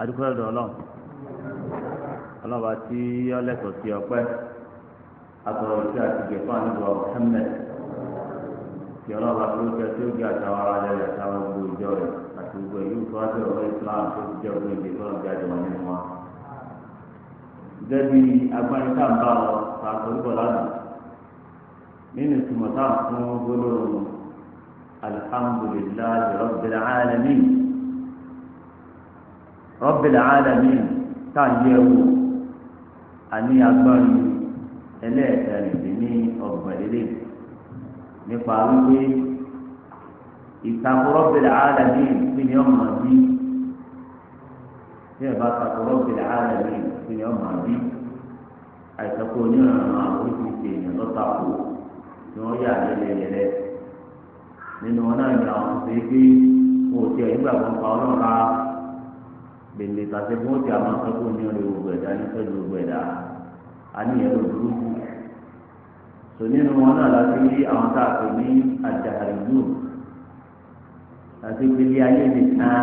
adúgbò ọ̀dọ̀ ọlọ́run ọlọ́run bá tí ọlẹ́tọ̀ sí ọpẹ́ àtọ̀rọ̀ tí a ti gẹ̀ fún àdúgbò Muhammad tí ọlọ́run bá tó jẹ́ tí ó gé àtàwọn ará rẹ̀ àtàwọn gbogbo ìjọ rẹ̀ àti gbogbo ìlú tó wá sọ̀rọ̀ fún Islam tó ti jẹ́ ògbó ìdè fún ọ̀gá àjọ wọn nínú wọn. gẹ́gẹ́ bí agbáyé tá à ta àtọ̀rọ̀ lánàá nínú ìtumọ̀ tá à fún gbólóhùn alhamdulillahi rabbil alamin Rabbil alamin tá a yẹ wò àní agbárí ẹlẹ́ẹ̀kẹrìndín ní ọgbọ̀n lélẹ̀ nípa wípé ìtakùn Rabbil alamin kí ni ọmọ bí bí ẹ bá takùn Rabbil alamin kí ni ọmọ bí àìsàkó onírànà oríṣiríṣi èèyàn lọ́tàkù tí wọ́n yà yẹlẹyẹlẹ nínú wọn náà ní àwọn tó ṣe é pé wọn ò tiẹ̀ nígbàgbọ́ pa ọlọ́ra gbèlè pàṣẹ fún òtí àwọn akẹ́kọ̀ọ́ ní ọ̀rẹ́ gbogbo ẹ̀dá ní pẹ̀lú gbogbo ẹ̀dá àníyàn ló burú tò nínú wọn náà láti rí àwọn tá a pè ní àjàkálù láti gbélé ayé mi tán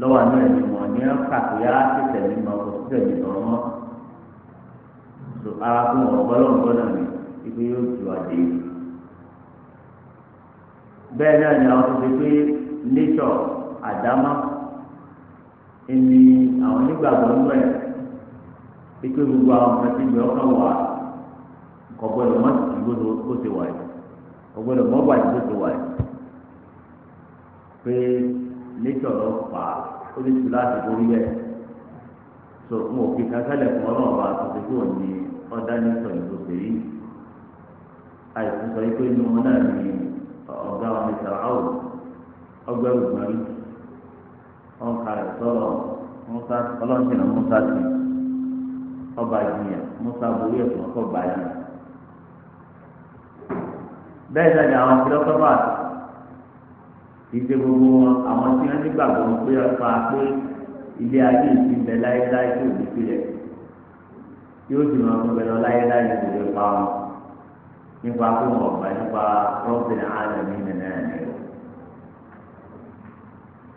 lọ́wọ́ àná ẹ̀mí wọn ní kàkúyà tẹ̀sẹ̀ mi mọ́ kò sí tẹ̀lé tọ̀rọ̀ mọ́ tò ara wọn gbọ́dọ̀ náà ni ibi yóò ju àdé bẹ́ẹ̀ náà ni àwọn tó ti pé nature àdámọ́. ẹni àwọn onígbàgbọ́ ń bẹ̀ pípé gbogbo àwọn ọmọ tí ìgbẹ́ ọkàn wà kò gbọdọ̀ mọ́ sí bó ti wà yìí kò gbọdọ̀ wà wà yìí pé ó lè láti borí so n ò fi kankálẹ̀ fún ọlọ́run bá tó ọ̀dá ní wọn kalẹ̀ sọ̀rọ̀ musa ọlọ́ọ̀sìn náà musa sí ọba ìjìyàn musa borí ẹ̀sùn ọkọ̀ báyà bẹ́ẹ̀ náà ni àwọn fìlọ́sọ́fà ìṣe gbogbo àwọn tí wọ́n nígbàgbọ́ pé ọ̀pá pé ilé ayé ìsìn bẹ láéláé tó ní sílẹ̀ yóò sì máa fún bẹ lọ láéláé ní ìdílé pa wọn nípa fún ọ̀gbà nípa rọ́bìnrin àlẹ́ mi nìyẹn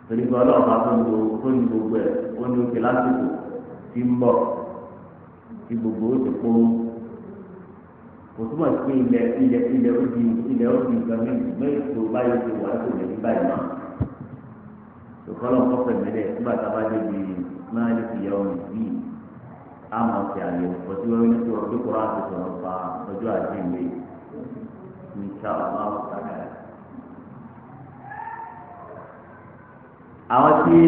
torí pé ọlọ́ọ̀bá tó ń lo tó ń gbogbo ẹ̀ ó ní oṣù lásìkò tí ń bọ̀ tí gbogbo ó ti kó kò túmọ̀ sí ilẹ̀ ilẹ̀ ilẹ̀ ó di ilẹ̀ ó di nǹkan mí mẹ́rin tó báyìí ti wà tó lè ní báyìí náà tòkọ́lọ́ kọ́fẹ́ mẹ́lẹ̀ nígbà tá a bá débi máa ní ìyá omi yìí á mọ̀ sí àyè ọtí wọn ní tí wọn bí kúrò àti sọ̀rọ̀ pa ọjọ́ àti ìwé ní sáà máa àwọn tí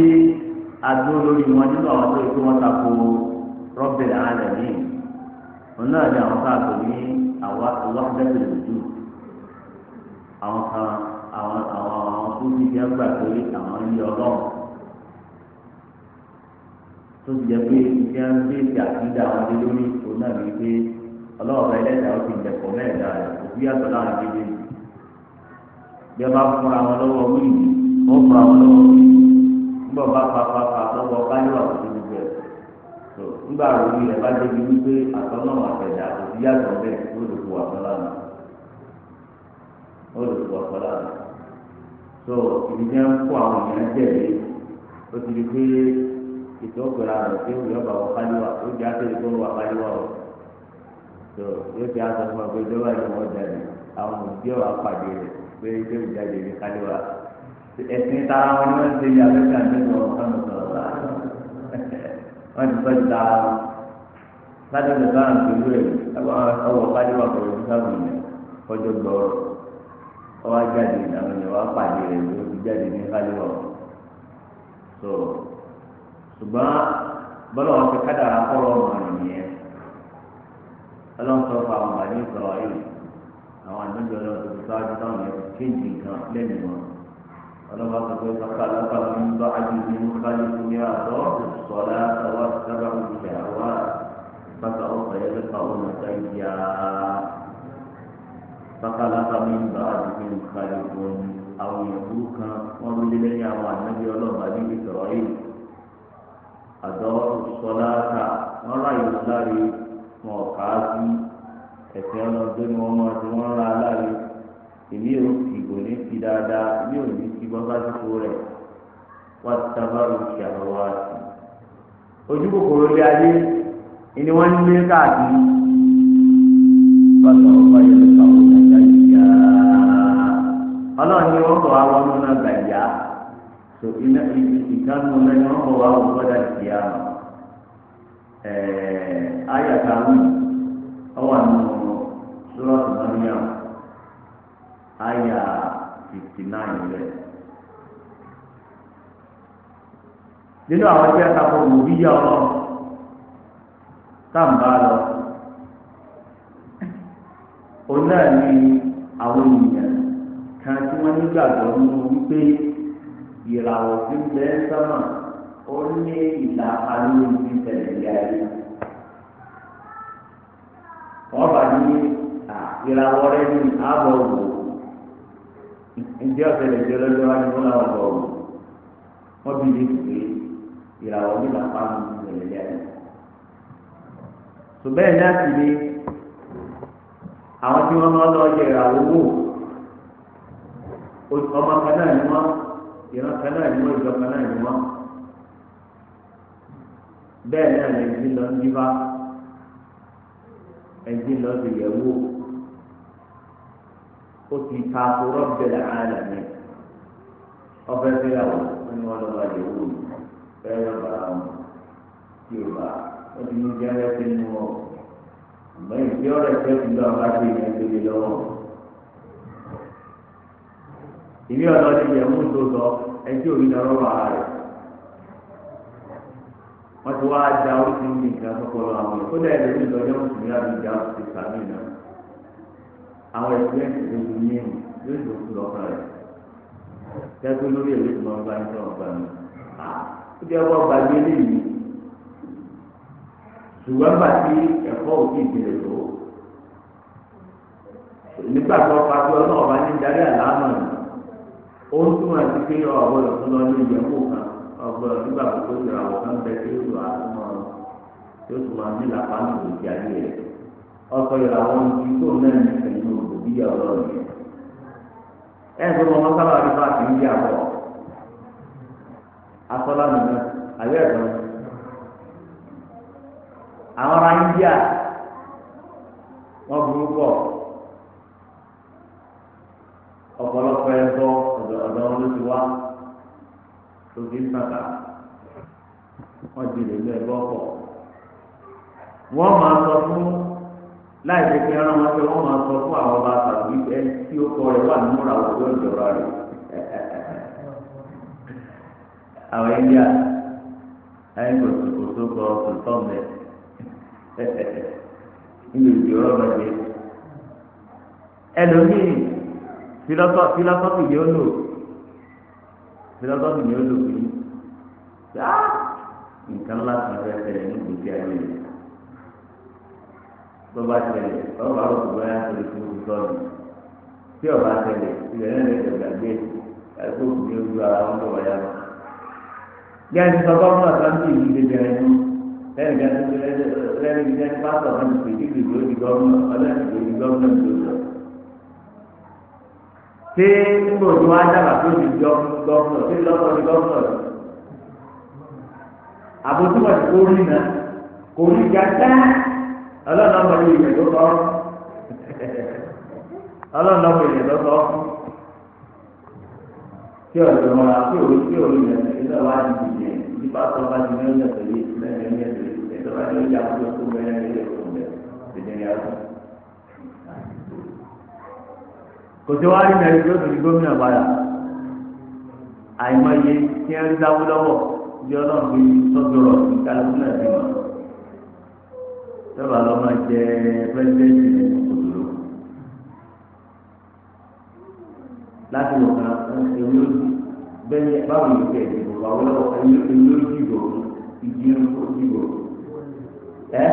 adúró lórí wọn nínú àwọn tó ikú wọn tako rọ́bìlì alẹ́mí òun náà ni àwọn káàtó ní àwọn ọlọ́pẹ́lẹ́ lójú àwọn kan àwọn àwọn àwọn tó ti jẹ́ gbà pé àwọn ilé ọlọ́run tó ti jẹ́ pé iṣẹ́ ń gbé ìgbà àtúndà àwọn ilé lórí òun náà ní pé ọlọ́ọ̀bẹ ẹlẹ́dàá ó ti jẹ̀kọ́ mẹ́ẹ̀dá rẹ̀ òbí àtọ̀ láàrin méjèèjì bí wọ́n bá fúnra wọn lọ́wọ́ wíìlì wọ́n fúnra wọn lọ́wọ́ wíìlì nígbà bá papapa lọ́wọ́ báyọ̀ àti gbogbo ẹ̀ tó nígbà ròyìn rẹ̀ bá débi wípé àtọ́nà àtẹ̀dá òbí yàtọ̀ bẹ́ẹ̀ ó lè fò àfọlànà ó lè fò àfọlànà tó ibi jẹ́ ń kó àwọn èèyàn jẹ̀lé ó ti di pé ètò ọ̀pẹ̀rẹ̀ àrùn tí ó yọ̀ bá wọ báyọ̀ ó jẹ́ àtẹ̀lẹ́ tó wà báyọ̀ ọ̀ tó yóò ti àtọ̀ fún ọgbẹ́ ìjọba ìjọba ọ̀dà ni àwọn òbí ọ̀ ẹ̀sìn tara wọn ni wọ́n ti yà lókè àdéhùn ọ̀kan sọ̀rọ̀ la wọ́n ti sọ́jú tara wọn láti ọ̀dọ̀ sáà ń pẹ̀lú ẹ̀ ọwọ́ pàdé wà pẹ̀lú sáwọn ènìyàn kọjọ gbọ́rọ̀ ọwọ́ jáde àwọn ènìyàn wà pàdé rẹ̀ ló ti jáde ní pàdé wà so ṣùgbọ́n bọ́lá wọn ti kádàrá kọ́rọ̀ ọmọ nìyẹn ọlọ́run sọ fún àwọn bàbá ní sọ̀rọ̀ yìí àwọn àdójọ lọ́wọ́ ti sọ́wájú táwọn yẹn ti kéjì nǹkan lẹ́nu wọn. ولما تقول فخلف من بعدهم خلف يعطوا الصلاة واتبعوا الشهوات فسوف يلقون سيئا فخلف من بعدهم خلف أو يهوك ومن لدي عن النبي الله بني إسرائيل أداروا الصلاة ولا يصلي موقعاتي ẹsẹ ọlọdún ni wọn máa ti wọn ra aláàrí èmi ò fi kò ní fi dáadáa èmi ò ní fi bọ́ sásìkò rẹ̀ wá sábàrù kí àwọn wá sí i ojú kòkòrò lé ayé ni wọ́n ń lé káàkiri bàtà ọba yẹn lọ́ka ọ̀gá gàdìyà ọlọ́run ni wọ́n kọ̀ àwọn ọmọ náà gàdìyà tó iná ìkànnì ọ̀gá wọ́n àwọn ọmọ náà sixty nine rẹ̀. nínú àwọn ẹgbẹ́ àtàkùn òwúyà ọlọ́run táǹbà lọ òun náà ní àwọn ènìyàn kan tí wọ́n nígbàgbọ́ nínú wípé ìràwọ̀ tí ń bẹ sọ́mà ó ní ìlà alóhùn ní ìṣẹ̀lẹ̀ ìyá rẹ̀ wọ́n bá ní ìràwọ̀ rẹ̀ ní àbọ̀ òwò ìdí ọ̀sẹ̀lẹ̀ jẹ́ lọ́jọ́ wájú fún àwọn ọ̀rọ̀ wọ́n bí lè pè é ìràwọ̀ nígbà pàmò ìrẹ̀lẹ̀ lẹ́yìn. ṣùgbọ́n ẹ̀ náà sì ni àwọn tí wọ́n máa lọ yẹ ìràwọ̀ wò ọmọ kan náà ni wọ́n ìran kan náà ni wọ́n ìjọ kan náà ni wọ́n. bẹ́ẹ̀ náà lẹ́yìn tí lọ ń dífá ẹ̀yìn tí lọ sì yẹ ó ti ta àkórọ́ bẹ̀rẹ̀ ààrẹ mi ọbẹ̀ fẹ́yàwó ó ní wọn lọ́ba yòówù mi fẹ́ẹ́ lọ́ba àwọn yorùbá ó ti ní jẹ́rẹ́ sí inú wọn àmọ́ ìdí ọ̀rẹ́ tẹ́ ti lọ́ bá ti yẹn lórí lọ́wọ́ ìbí ọ̀dọ́ ti yẹ mú tó sọ ẹjọ́ òbí lọ́rọ́ wà rẹ̀ wọ́n ti wá da oríṣiríṣi nǹkan tó kọ́ lọ́wọ́ àwọn ìkọ́dà ẹ̀rọ ìlọ́jọ́ mùsùlùmí àbí ìjà òsì sàmì náà àwọn ẹgbẹ́ ìlú ní ìmù lórí ìlú kúlọ̀ ọ̀kan rẹ̀ kẹ́kọ̀ọ́ lórí ìlú ìmọ̀ ọba ní sọ̀rọ̀ ọba mi ó jẹ́ ọgbà gbàgbé léyìí ṣùgbọ́n bá ti ẹ̀kọ́ òkè ìdílé tó nígbà tó ọkọ̀ àti ọlọ́run ọba ní darí àlámà rẹ̀ ó ń túmọ̀ sí pé ọ̀gbọ́dọ̀ tó lọ ní ìyẹ̀wò kan ọ̀gbọ́dọ̀ nígbà tó ìràwọ̀ kan bẹ tí ó lọ àtúmọ̀ tí ó tún máa ní làpá nù lójú ayé rẹ̀ ìyá ọlọ́run yẹn ẹ̀ ń sọ wọn sábà rí bá àti ìyá ọ̀ asọ́lá nìyẹn àyẹ̀ ẹ̀dọ́ àwọn ará India wọ́n burú pọ̀ ọ̀pọ̀lọpọ̀ ẹ̀dọ́ ọ̀dọ̀ wọn ló ti wá lóde nàkà wọ́n di lè lọ ẹ̀gbọ́ wọ́n máa sọ fún láì fi fi ẹran wọn pé wọn máa sọ fún àwọn ọba tàbí ẹni tí ó kọ rẹ wà nímúra òjò ìjọba rẹ àwọn india ayé kò tó kò tó kọ kò tó mẹ níbi ìdíwọ́ ọ̀rọ̀ mẹ́jẹ ẹlòmíì filọ́sọ́fì ni ó lò filọ́sọ́fì ni ó lò fún nǹkan ńlá fẹ́ fẹ́ nínú ayé rẹ̀ tó bá tẹ̀lé ọ̀rọ̀ bá rògbò bá yà sọ̀rọ̀ fún òkú tọ́lù tí ọ̀bá tẹ̀lé ilẹ̀ náà lè dọ̀gba gbé ẹ̀kọ́ òkú ní ojú ara wọn tó wáyà lọ. bí a ti sọ bá fún àtàkùn ìlú ìdèjì rẹ nù lẹ́yìn ìgbà tó lẹ́yìn ìgbà tó bá sọ̀rọ̀ ní pèjì ìdìbò di gọ́ọ̀nà ọlọ́dìbò di gọ́ọ̀nà tó lọ. ṣé nígbà òjò wa dábàá tó di gọ́ọ̀nà ṣé lọ́kọ̀ ọlọ́run náà mọ̀lú ìyẹn tó tọ́ ọlọ́run náà mọ̀lú ìyẹn tó tọ́ tí ọ̀dọ́ wọn àti òwe tí òwe yẹn ti ṣe wá ní ìyẹn nípa tó bá ti mẹ́rin ẹ̀sẹ̀ yìí mẹ́rin ẹ̀sẹ̀ yìí ẹ̀sẹ̀ bá ti ń jà fún ọkọ mẹ́rin ẹ̀sẹ̀ tó ń bẹ̀ ẹ̀sẹ̀ ní ẹ̀sẹ̀. kò tí wàá rí mẹ́rin tó ti di gómìnà padà àìmọye tí ẹ ń dáwó lọ́wọ́ bí ọlọ́run fi sọ́jọ́rọ̀ ìkàlùkù náà ti mọ̀ sábà lọ máa jẹ pẹ́sidẹ́ntì òdòdó láti wọ̀ kan ẹ̀yìn ojú bẹ́ẹ̀ báwo ni kẹ̀ ìdìbò báwo lọ́wọ́ ẹ̀yìn ojú ìdìbò ìdí ìdìbò ẹ̀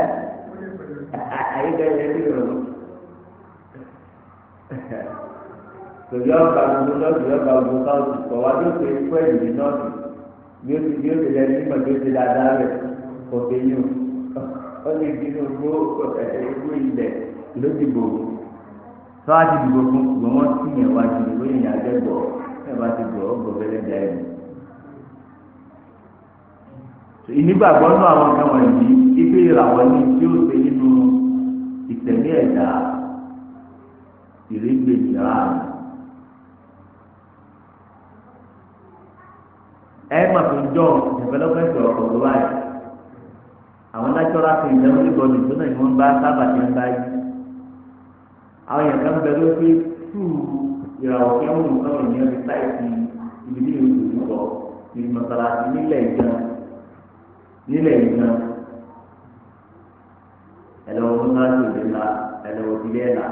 àyíká ẹ̀yìn ojú ìdìbò tòbí ọba gbogbo nọ́ọ̀tì ọba gbogbo káwọ́tì kọ̀ wá bí ó ṣe fún ẹ̀yìn nọ́ọ̀tì bí ó ti bí ó ti lẹ́nu nígbà tí ó ti dáadáa rẹ̀ kò tẹ̀yìn o. ó lè di gbogbo gbogbo ilẹ̀ ló dìbò tó a ti dìbò fún gbogbo wọn sí yẹn wá ju ìwé yẹn àgbẹ̀bọ̀ ẹ ti gbọ̀ ọ́ gbọ̀gbẹ́lẹ́ dá ẹ̀ ìnígbàgbọ́ nínú àwọn kan wọ̀nyí ibi ìràwọ̀ ni tí ó ṣe nínú ìtẹ̀lé ẹ̀dá mà development of àwọn dájọ́ra fi ìdánwò ìbọ̀lù tó náà ni wọ́n bá sábà ti ń báyìí àwọn èèyàn kan bẹ ló pé túù ìràwọ̀ kí wọ́n mú sọ́rọ̀ ní ọdún táìsì ibi tí yóò dùn bọ̀ ní mọ̀sálásí nílẹ̀ ìjàn nílẹ̀ ìjàn ẹ̀lọ́wọ́ mọ́sálásí òde ńlá ẹ̀lọ́wọ́ ìdílé ẹ̀là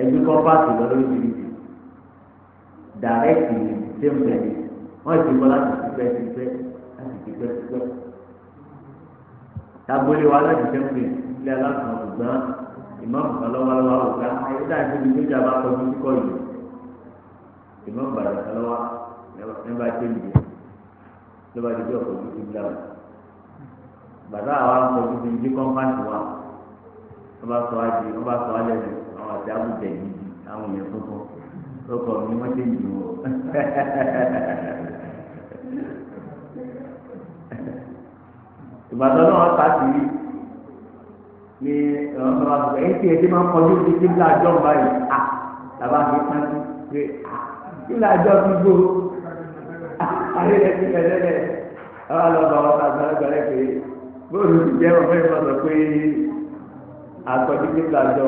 ẹ̀dùn kọ́pàtì lọ́dún ìdílé dàrẹ́kì ní sèmùtẹ̀lì wọ́n ti kọ́ láti ti pẹ́ ti pẹ́ láti ti pẹ́ ti pẹ́ tábólé wa alájùfẹ́ pè ilé alákùnrin ọ̀gbọ́n ìmọ̀ọ́mù kan lọ́wọ́lọ́wọ́ àwòká ayé dáadé ibi tó jà bá kọjú kíkọ́ yìí ìmọ̀ọ́mù bàrẹ̀ kan lọ́wọ́ nígbà tó ń yẹ ló bá dédé ọ̀pọ̀ ojú ti ń dáwọ̀ bàtà àwa ń pọ̀ ojú ti ń dé kọ́ńpáǹtì wa wọ́n bá sọ ajé wọ́n bá sọ alẹ́ rẹ̀ àwọn àti àbújá yìí àwọn èèyàn tuntun lọ́kọ̀ mi wọ́n ti ń dùn ó ìbàdàn náà ta sí ní ọ̀nà àgbẹ̀ yìí tí ẹ ti máa ń kọjú sí kíbla àjọ báyìí à làbá fi pán sí pé à kíbla àjọ ti gbó ayé ẹ ti fẹ́ lẹ́lẹ̀ ọ̀rọ̀ àlọ́ba ọ̀rọ̀ àgbà gbẹ̀rẹ̀ pé bóòlù ti jẹ́ ọ̀fẹ́ ìfọ̀sọ̀ pé àkọjú kíbla àjọ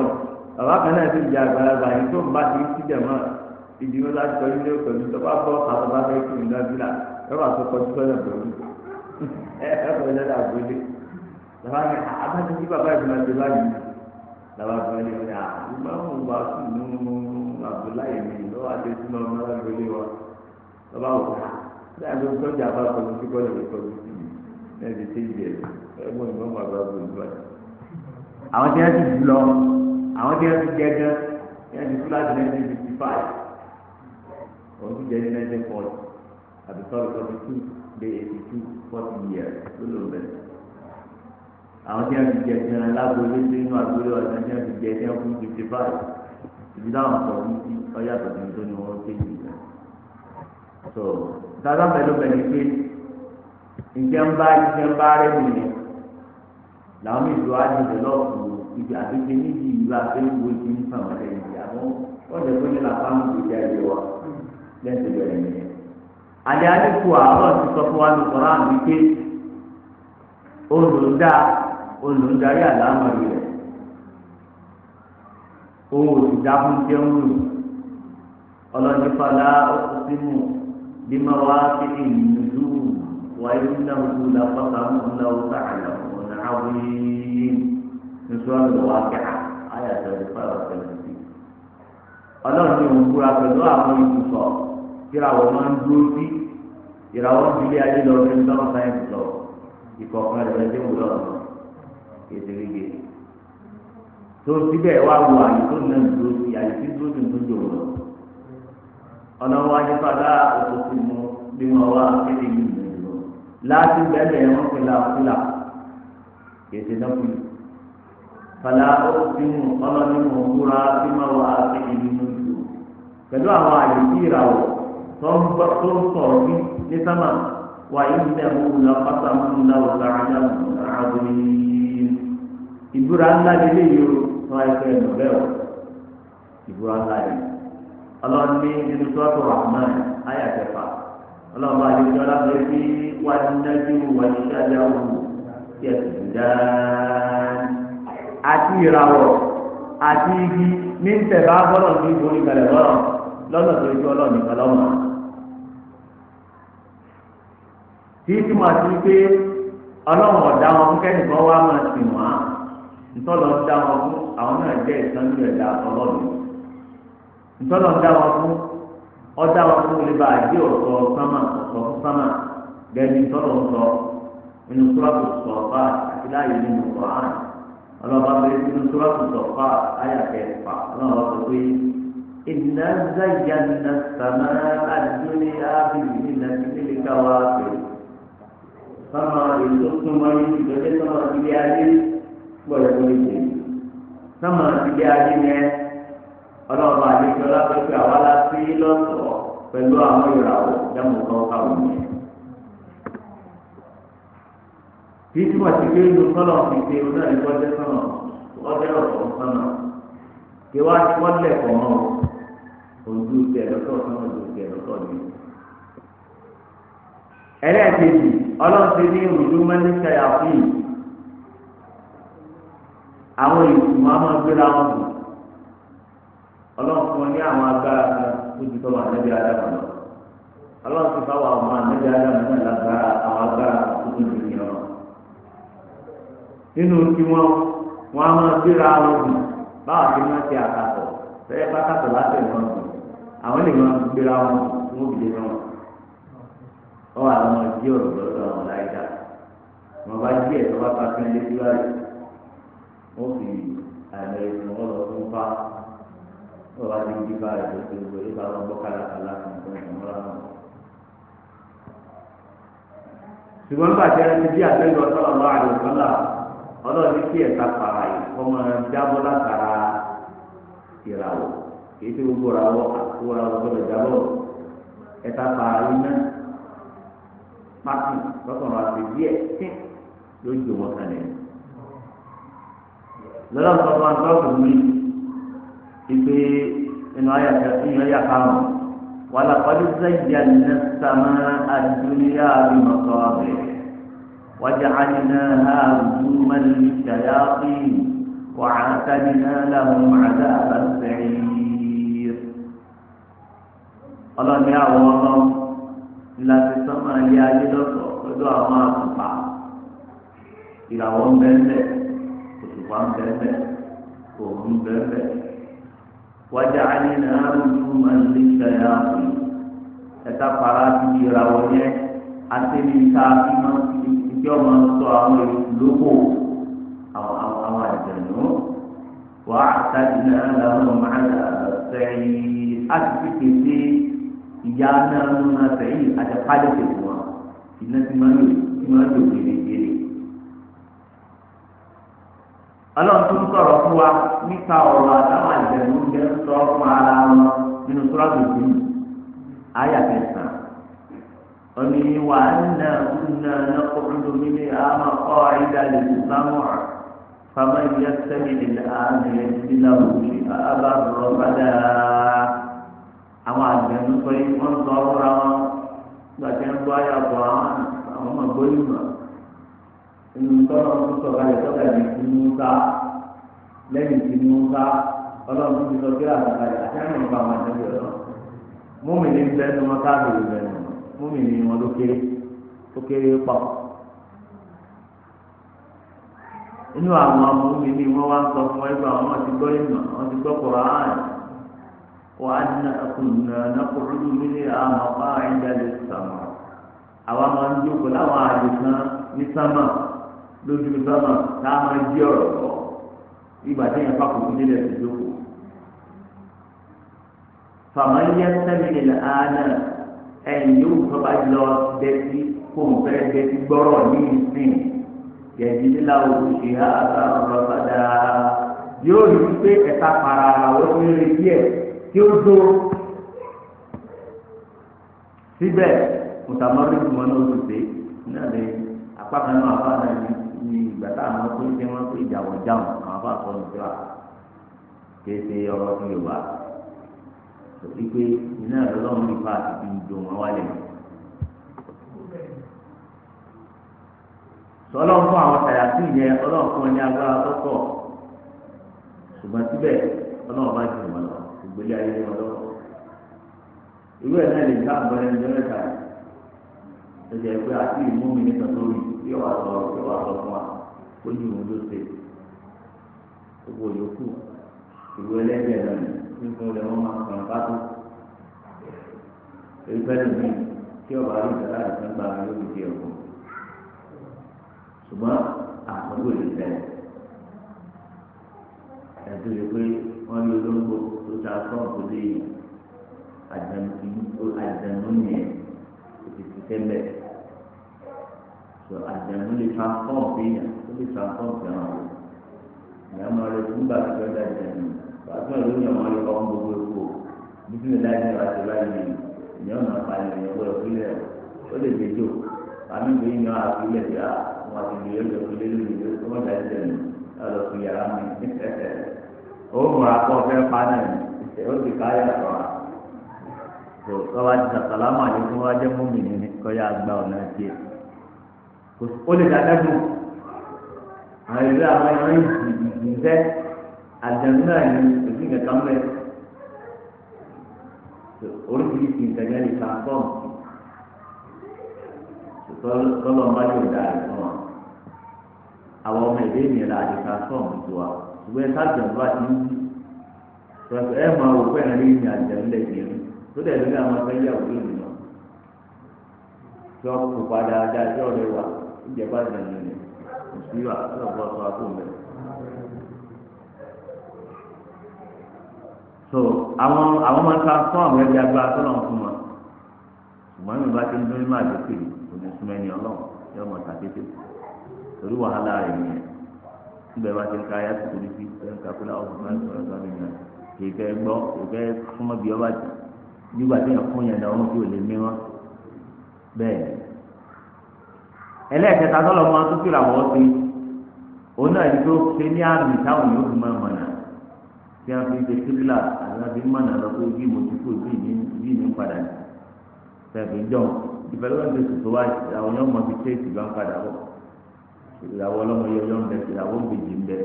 bàbá kan náà ti di àgbàlagbà yìí tó ń bá ti ti dẹ̀ mọ́ ìdíwọ́ láti kọjú ní òkè tó bá bọ́ àtọ́bá ẹ̀kọ́ ìlẹ́dà àgbélé làwọn ní abájọ tí bàbá ìgbìmọ̀ ti báyìí làwọn àgbélé wọn ni àgbélé wọn bá sùn nínú àgbélé mi lọ́wọ́ adé tí wọn bá gbélé wọn lọ́wọ́ àwọn ọ̀gá tí a ló ń tọ́jú àbá kọ́ni tí kọ́ni lè kọ́ni sí i náà ti tẹ́ ìdí ẹ̀ ẹ̀gbọ́n ìgbọ́n bàbá gbòòrò báyìí. àwọn tí wọn ti jù lọ àwọn tí wọn ti jẹ gan yẹn ti fúláṣí nineteen fifty five òun ti jẹ ní nineteen forty àbí sọ́ọ̀rọ̀ twenty two dé eighty two forty years tó lò bẹ́ẹ̀. àwọn tí wọ́n ti jẹ ti hàn lágbolé sí inú agbolé wa tí wọ́n ti jẹ ti hàn fún fifty five ibi táwọn sọ fún sí ọjà tòun tó ní wọ́n ké jù lọ. so dáadáa pẹ̀lú pẹ̀lú pé ǹjẹ́ ń bá ǹjẹ́ ń bá rẹ̀ nìyẹn làwọn ìlú àdìsẹ́ lọ́ọ̀kù ibi àdìsẹ́ níbi ìlú àfẹ́wò ti ń fà wọ́n lẹ́yìn àwọn wọ́n jẹ́ pé ní làbámu ìjà ìlú wa lẹ́sìn bẹ̀rẹ̀ nìyẹn àlẹ́ àdínkù àárọ̀ ti sọ fún wa ní koran wípé olùdá olùdarí àlámọ̀ rẹ̀ òun ò sì dá fún jẹun nù ọlọ́nifàlà ọ̀sìnmù wa ti ní ìlú wáyé náà kú làpọ̀tà mú lọ́wọ́ sàkàlà ọ̀nà àwọn yìí nítorí ọ̀dọ̀ wa kẹ́hà ayàtọ̀ ìfọ̀rọ̀ tẹ̀lé sí ọlọ́run ní òun kúra pẹ̀lú àwọn ibùsọ̀ ìràwọ̀ máa ń dúró sí ìràwọ̀ ń bilé ayé lọ sí sọ́nà sáyẹ́ǹsì lọ ìkọ̀ọ̀kan rẹ̀ lẹ́sẹ̀ wò lọ́nà ètèrègè tó síbẹ̀ wá wo àyè tó nà ń dúró sí àyè tí dúró sí ń dúró jòwó lọ ọ̀nà wa ní padà òkòtò mu bí wọn wá kéde yìí lọ láti bẹ́ẹ̀ wọn fi la fúlà ètè náà fi padà òkòtò mu ọlọ́ni mọ̀ ń kúra bí wọn wá kéde yìí lọ pẹ̀lú àwọn àyè tí ìràwọ̀. tó ń tó ń sọ̀rọ̀ bí ní sámà wà ìdílé àwọn olùkọ́sà ńlá ọ̀gá àbúrí ìbúra ńlá yìí ó tó àìsàn bẹ́ẹ̀ o ìbúra ńlá yìí ọlọ́run ní nínú sọ́ọ̀tù rahman ayà kẹfà ọlọ́run bá yẹ kí ọlọ́run fi wà nínájú igi ní bọ́lọ̀ ní ìbò bọ́lọ̀ tó ń kì í túmọ̀ sí pé ọlọ́run ọ̀dá wọn fún kẹ́nìkan wá máa sìn wá ntọ́lọ̀ ń dá wọn fún àwọn náà jẹ́ ìsánjú ẹ̀dá ọlọ́run ntọ́lọ̀ ń dá wọn fún ọ̀dá wọn fún olè bá àdé ọ̀sọ̀ sámà ọ̀sọ̀ fún sámà gẹ́gẹ́ ntọ́lọ̀ ń sọ inú sọ́ọ̀tù sọ̀fà àti láàyè nínú kọ̀ọ̀án ọlọ́ba bẹ́ẹ̀ inú sọ́ọ̀tù sọ̀fà àyà kẹfà ọlọ́ba sọ pé ìnáza sama itu semua itu jadi sama dia aja boleh boleh sama dia aja ni ọlọ́ọ̀bà àdéjọ lápẹ́pẹ́ àwa la sí lọ́sọ̀ọ́ pẹ̀lú àwọn ìràwọ̀ dáhùn kan káwọn yẹn. bí tí wọ́n ti gbé inú sọ́nà fi ṣe oná ìgbọ́jẹ́ sọ́nà ọjọ́ ọ̀sán sọ́nà kí wọ́n ti wọ́n lẹ̀ pọ̀ mọ́ ojú tẹ̀ lọ́sọ̀ọ́ sọ́nà ojú tẹ̀ lọ́sọ̀ọ́ ni. ẹlẹ́ẹ̀kejì ọlọ́run ti ní ìrùdúmọ́ ní kẹyàfín àwọn ìgbìmọ̀ àwọn agbéra wọn bù ọlọ́run fún ọ ní àwọn agbára kan tó ti tọ́ wà níbi adára lọ ọlọ́run ti fáwọn ọmọ níbi adára náà lágbára àwọn agbára tó ti tọ́ ìyẹn lọ. nínú tiwọn wọn a máa gbéra wọn báwa ti máa ti àkàtọ̀ fẹ́ẹ́ bá láti ìwọ̀n bù àwọn ènìyàn gbéra wọn bù wọn bìí ọ wà lọ́mọ jí ọ̀rọ̀ lọ́dọ̀ àwọn láìka wọn bá jí ẹ̀ lọ́wọ́ bá fi lé síwájú ó fi àmì ìsìn wọn lọ fún fa wọn bá ti jí bá rẹ̀ lọ́sẹ̀ gbogbo yóò bá wọn bọ́ kálàkálà fún ìfọ̀n ìfọ̀n wọn lọ́wọ́. ṣùgbọ́n bàtẹ́ ẹni bí àtẹ́yọ̀ sọ̀rọ̀ lọ́wọ́ àdìsọ́lá ọlọ́ọ̀ni kí ẹ̀ta pàrà yìí ọmọ jábọ́ látara ìràwọ̀ kì í ṣe gbogbo ìràwọ̀ àkúrà ọ̀gbọ́dọ̀ jábọ̀ ẹ̀ta pàrà yìí náà pàtì lọ́kàn wà sí díẹ̀ tí ló yọ wọn kan lẹ́yìn. lọ́dọ̀ tó máa tọ́ kù mí ìgbé inú ayà kẹsí ìyẹn yà kárùn wà lápàdé sẹ́yìn ní sàmà àdúnyà bí mọ̀tọ́ bẹ̀ wàjà àyìnà ha àdúmọ̀ ní sàyàtì وعاتدنا لهم عذاب السعير. الله يا الله láti sánmà ilé ayé lọ́sọ̀ lọ́dọ̀ àwọn àtùpà ìràwọ̀ ń bẹ́ẹ̀ òṣùpá ń bẹ́ẹ̀ òun ń bẹ́ẹ̀ wájà ayé náà ń tún máa ń lé ṣẹlẹ̀ àpè ẹ̀ta para ti di ìràwọ̀ yẹn àti ní ìta ìmọ̀ ìjọ máa ń sọ àwọn ìlókò àwọn àwọn àjẹnú wàá àtàjù làwọn máa ń sẹ́yìn á ti ìyá náà ń múná sẹ́yìn àjàkálẹ̀ tètè wọn iná tí máa ń lò tí máa ń lò gbèrègbèrè. ọlọ́run tó ń sọ̀rọ̀ fún wa nípa ọ̀rọ̀ àtàwọn àjẹ̀mú jẹ́ ń sọ fún ara wọn nínú sọ́ọ̀tù yìí àyà kẹsàn-án. ọ̀nì wà nà nà nàkọ́ńdó mi ní àmọ́ kọ́ àyídàlẹ̀ ìsámọ́ فمن يستمع الآن يجد له شهابا رصدا àwọn àgbẹ̀nu pé wọ́n sọ ọ́ra wọn gbàtẹ́ ń bọ́ ayàbọ̀ àwọn àwọn ọmọ gbóyìnbọ̀ inú tọ́lọ́ ń sọ kalẹ̀ tọ́ka yìí ti mú sá lẹ́yìn ti mú sá ọlọ́run ti sọ kí àgbàkà yìí àti àwọn ọba àwọn àti ọ̀dọ́ múmìnì ń bẹ́ẹ̀ ni wọ́n káàbìrì bẹ́ẹ̀ nù múmìnì wọn ló kéré tó kéré pọ̀ inú àwọn múmìnì wọn wá sọ fún ẹgbẹ́ àwọn ọmọ ti gbọ́ ìmọ̀ wọn ti gbọ́ kọ̀ọ̀rọ̀ وأن كنا نقعد منها مقاعد للسمع àwa máa ń jókòó láwọn àyè kan ní sámà lójú sámà tá a máa jí ọ̀rọ̀ lọ ìgbà tí yẹn fàkùnkùn nílẹ̀ ti jókòó. fàmáyé sẹ́mi ní àná ẹ̀yìn yóò tọ́ba lọ dẹ́tí kó n fẹ́ dẹ́tí gbọ́rọ̀ ní ìsìn yẹ̀dí nílá oṣù ha àtàwọn ọ̀rọ̀ padà yóò rí i pé ẹ̀ka para àwọn tó ń retí ẹ̀ tí ó dó síbẹ̀ mùsàmọ́rí ìmọ̀ náà ló náà lè apá kan náà apá náà ní ìgbà táwọn ọkọ ìṣe wọn pé ìjàwọ̀ jáwọn àwọn apá kan ní ìjọba kì í ṣe ọ̀rọ̀ tó yorùbá òbí pé iná ìrọ̀lọ́run ní ipa àti ìjọ wọn wálẹ̀. sọlọ́n fún àwọn tàyàtì yẹn ọlọ́ọ̀kan ní agbára tọ́tọ̀ ṣùgbọ́n síbẹ̀ ọlọ́ọ̀ bá jù wọn lọ ìgbélé ayé wọn lọ irú ẹ̀ náà lè ká àgbọ̀n ẹni lọ́rẹ́ ta ẹ̀ jẹ́ àti ìmú mi nípa lórí yóò wá sọ yóò sọ fún wa ó ju òun ló ṣe gbogbo yòókù ìwé ẹlẹ́gbẹ̀ẹ́ náà ní fún ilẹ̀ wọn máa kàn pátó èyí fẹ́ lómi tí ọba rí ìtàlá ìtàn gbà lórí ti ẹ̀kọ́ ṣùgbọ́n àtúntò lè tẹ̀ ẹ̀ tó pé wọ́n lé olóńgbò ta sọ́ọ̀bù léyìn àjẹnú yẹn kò ti ti tẹ́lẹ̀ tó àjẹnú lè fa sọ́ọ̀bù yẹn ó lè fa sọ́ọ̀bù yẹn wò ìyá máa rẹ fún bàbá tó dá àjẹnú bàbá ló ní ọmọ rẹ kọ́ ń gbogbo epo bíbí mi láti ní wàá ti báyìí ìyá ọ̀nà àpàlẹ̀ ìyá ọ̀gbọ́dọ̀ fílẹ̀ ó lè dé jò àmì ìgbé yín náà àfilẹ̀ yá wọn ti lè lọ sí lélẹ̀ lélẹ̀ tó wọ́n dá àjẹnú lọ́ọ́ fi yàrá mi ó múra kọ́ pa náà ó sì káyà kọ́ wa tó kọ́wá ti sàkàlámà yìí kó wá jẹ́ mọ́mìnì ní kọ́yà àgbà ọ̀nà tiẹ̀ ó lè dàgbẹ́kù àwọn ìlú àwọn ẹran ìgbìnfẹ́ àjẹmú náà ní òsì kẹta mẹ́ oríṣiríṣi nǹkan yẹn lè transform tọ́lọ̀ ń bá yóò dá rẹ̀ fún wa àwọn ọmọ ìdí ènìyàn la lè transform tó wa ṣùgbọ́n ẹ sáà jẹ̀mú bá ti ń yí. pẹ̀lú ẹ máa wò pé ẹ̀rín ìrìn àjẹ́ ńlẹ̀ yẹn tó dẹ̀ lórí àwọn afẹ́yà òbí mi lọ tí wọ́n padà ajá tí ọ̀rẹ́ wà òsì wà sọ àpò mẹ́. so àwọn àwọn ta fún àwọn agbára tó fún ṣùgbọ́n mi bá ti ń súnmọ́ ẹni ọlọ́run yóò mọ̀ torí wàhálà rẹ̀ nìyẹn ti ń ka ìfẹ́ gbọ́ ìfẹ́ súnmọ́ bí ọba jù nígbà tí yẹn fún yẹn náà wọn kí ò lè mí wọn bẹ́ẹ̀ ẹlẹ́ẹ̀kẹta tọ́lọ̀ máa tún fìlà wọ́ sí òun náà yìí tó ṣe ní àmì táwọn yóò fi máa mọ̀nà tí wọ́n fi ṣe kírílà àti wọ́n fi mọ̀nà lọ pé bí mo ti kú bí mi bí mi padà ní tẹ̀sí jọ̀ development tuntun wa àwọn yóò mọ fi ṣe ìgbà padà bọ̀ ìgbàwọ́ ọlọ́mọ yóò yọ̀ ń bẹ ń bẹ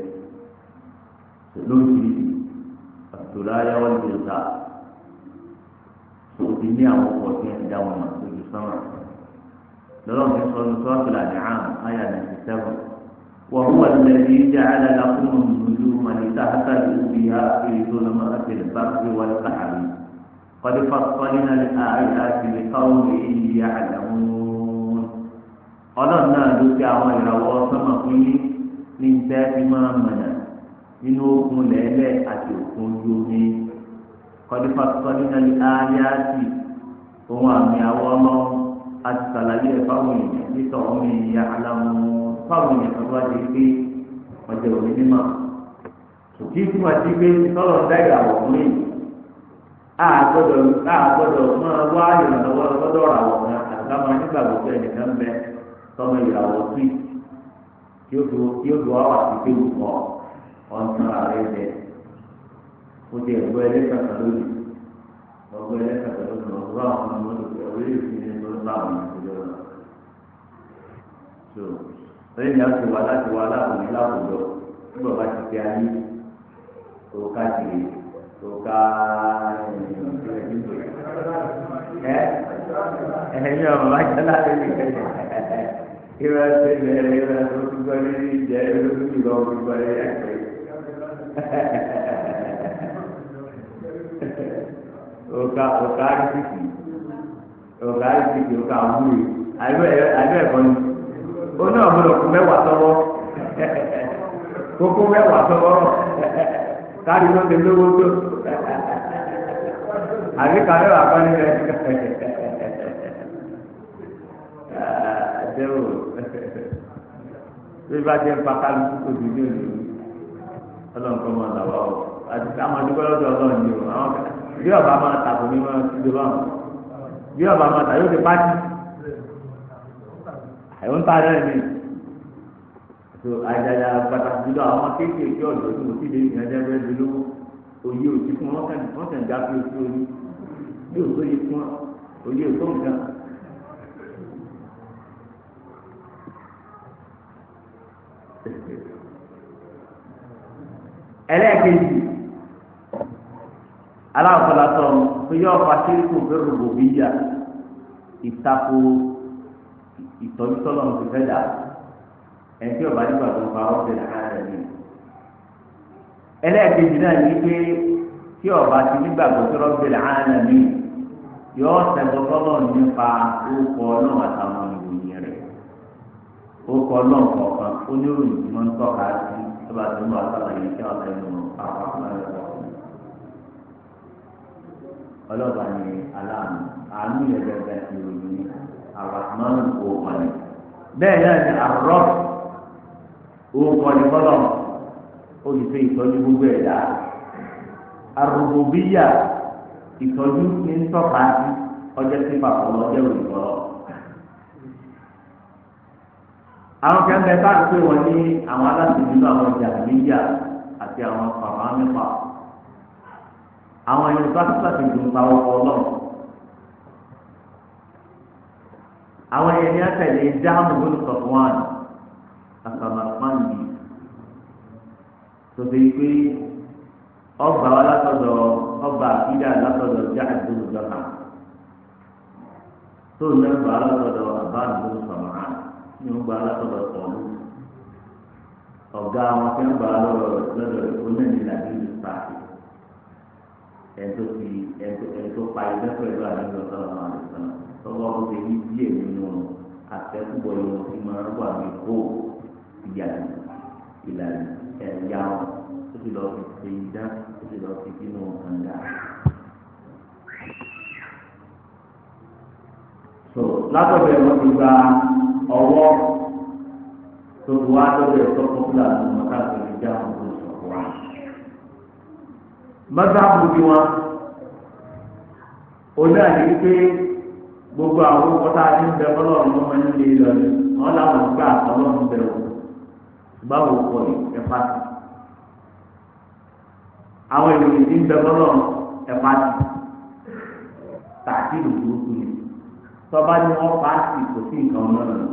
lóṣìṣì tòláyà wọn ti ta òbí ní àwọn ọkọ tí wọn ti dá wọn mọ lójú sọmọ lọlọmọ sọ ní sọọtù làdí àm àyà nàìjíríà sẹwọn bá الذي جعل لكم النجوم لتهتدوا بها في ظلمات البر والبحر قد فصلنا الآيات لقوم يعلمون ọlọ́run náà ló ti àwọn ìràwọ̀ sọ́mọ̀ fún yín ní ìtẹ́ fi máa mọ̀nà inú ogun lẹ́lẹ́ àti òkun ojú omi kọ́dífà kọ́dínà áyáàtì ohun àmì àwọn ọmọ àti sàlàyé ẹ̀ fáwọn èèyàn nítorí ọmọ èèyàn aláwọn fáwọn èèyàn kan wá ti gbé ọjà òní mímọ́ òkè tí wọ́n ti gbé wọ̀ mí àgbọ̀dọ̀ máa wá ìrànlọ́wọ́ lọ́dọ̀ bẹ tọmọ yóò ọ̀sán ààrẹ jẹ ó di ẹ̀gbọ́ ẹlẹ́kàtà lónìí ọgbẹ́ ẹlẹ́kàtà lónìí ọgbà àwọn ọmọ olùkọ́ orí ìfìdí ló ń bá àwọn ìfìdí ọ̀rọ̀ so lórí ìyá tó wà láti wà láwùjọ ní láwùjọ tí bàbá ti fi ayé tó ká kiri tó ká ẹ ẹ ẹ yọ bàbá jẹ láti rí ẹ ìrẹsì ìrẹsì ìrẹsì tó ti gbọ́ ní ìjẹ ìrẹsì tó ti gbọ́ ní ìjẹ ìrẹsì òkà òkà àrísìkì òkà àrísìkì òkà àwúrè àbẹ ẹ̀kọ́ ni oní ọ̀gbọ́dọ̀ kú mẹ́wàá sọ́wọ́ kókó mẹ́wàá sọ́wọ́ káàdì ló ti lówó tó àbí kàwé wà kọ́ nílẹ̀ àdéhùn bí bá jẹ́ ń pa kálukú kò dùn ọlọ́run kọ́ máa dàbà o àti àwọn àdúgbò lọ́dọ̀ ọlọ́run ni o àwọn bí ọba máa tàbí mi máa ti dé báwọn bí ọba máa tàbí ó ti pàtì àyọ̀ ń ta rẹ̀ mi tó àjàjà pàtàkì jùlọ àwọn kéékèèké ọ̀dọ́ tó ti dé ìrìnàjò ẹgbẹ́ mi lówó òye òsì fún wọn kàn wọ́n kàn já fi oṣù orí bí òṣòye fún òye òṣòǹkan. ẹlẹ́ẹ̀kejì aláwọ̀kọ́lá sọ̀rọ̀ pé yóò fa síríkù fún rògbòbíyà ìtako ìtọ́jú tọ́lọ̀ ń fi fẹ́ dà ọ̀bá nígbà tó ń fa rẹ̀ ni. ẹlẹ́ẹ̀kejì náà ní pé tí ọ̀bá ti nígbàgbọ́ rẹ̀ ni sẹ́gbọ́ tọ́lọ̀ nípa orúkọ náà àtàwọn ìròyìn rẹ̀ orúkọ náà kọ̀ọ̀kan tó bá ti ń bọ̀ àtàlàyé kí ọ̀tá inú àwọn àpárẹ̀ pọ̀. ọlọ́ba ni aláàánú àánú yẹn gẹ́gẹ́ ìròyìn ni àràmánù òkò ni bẹ́ẹ̀ náà ni àrọ́ òkò ni kọ́lọ̀ olùfẹ́ ìtọ́jú gbogbo ẹ̀dá àrùbọ̀bíyà ìtọ́jú ní tọ́ka ọjọ́ sí pàpọ̀ ọjọ́ òyìnbó àwọn kan bẹ bá ń pè wọn ní àwọn aláṣẹ nínú àwọn ọjà níyà àti àwọn pàmò mẹ́fà àwọn yunifásitì àti ìdùnnà ọkọ Ọlọ́run àwọn yẹn ní àtẹlẹ dáhùn lórúkọ wọn àtàmàpáǹdì tó ṣe pé ọgbà wa látọ̀dọ̀ ọgbà àkídà látọ̀dọ̀ jáde lórúkọ náà tó ń lẹ́gbàá látọ̀dọ̀ ni wọ́n gba alátọ̀dọ̀ tọ̀lú ọ̀gá wọn fẹ́ ń gba lọ́rọ̀ lọ́dọ̀ onídìí nàbí ìlú pàṣẹ ẹ̀ńtọ́ ti ẹ̀ńtọ́ pa ẹgbẹ́ pẹ̀lú àdúgbò sọ̀rọ̀ àdúgbò sọ̀rọ̀ tọ́wọ́ ó ti ní díẹ̀ nínú àtẹ́kùbọ̀ yòó ti máa ń wà ní kó ìyàlú ìlànà ẹ̀yà wọn ó ti lọ fi ṣe ìdá ó ti lọ fi sínú ọ̀gá. so látọ̀bẹ̀ wọn ti gba. Ọwọ tóbi wá lórí ẹ̀tọ́ pọ́pùlà ní mọ́tà tóbi já ọ̀hún sọ̀rọ̀ wá. mọ́tà bùbí wọn oní àdìrí pé gbogbo àwọn kọ́tà ní ń bẹ fọlọ́run ló máa ń lé lọ ní wọn làwọn ń gbà bẹ̀rù báwo kọ àwọn ń bẹ ni tọ́ba ni wọ́n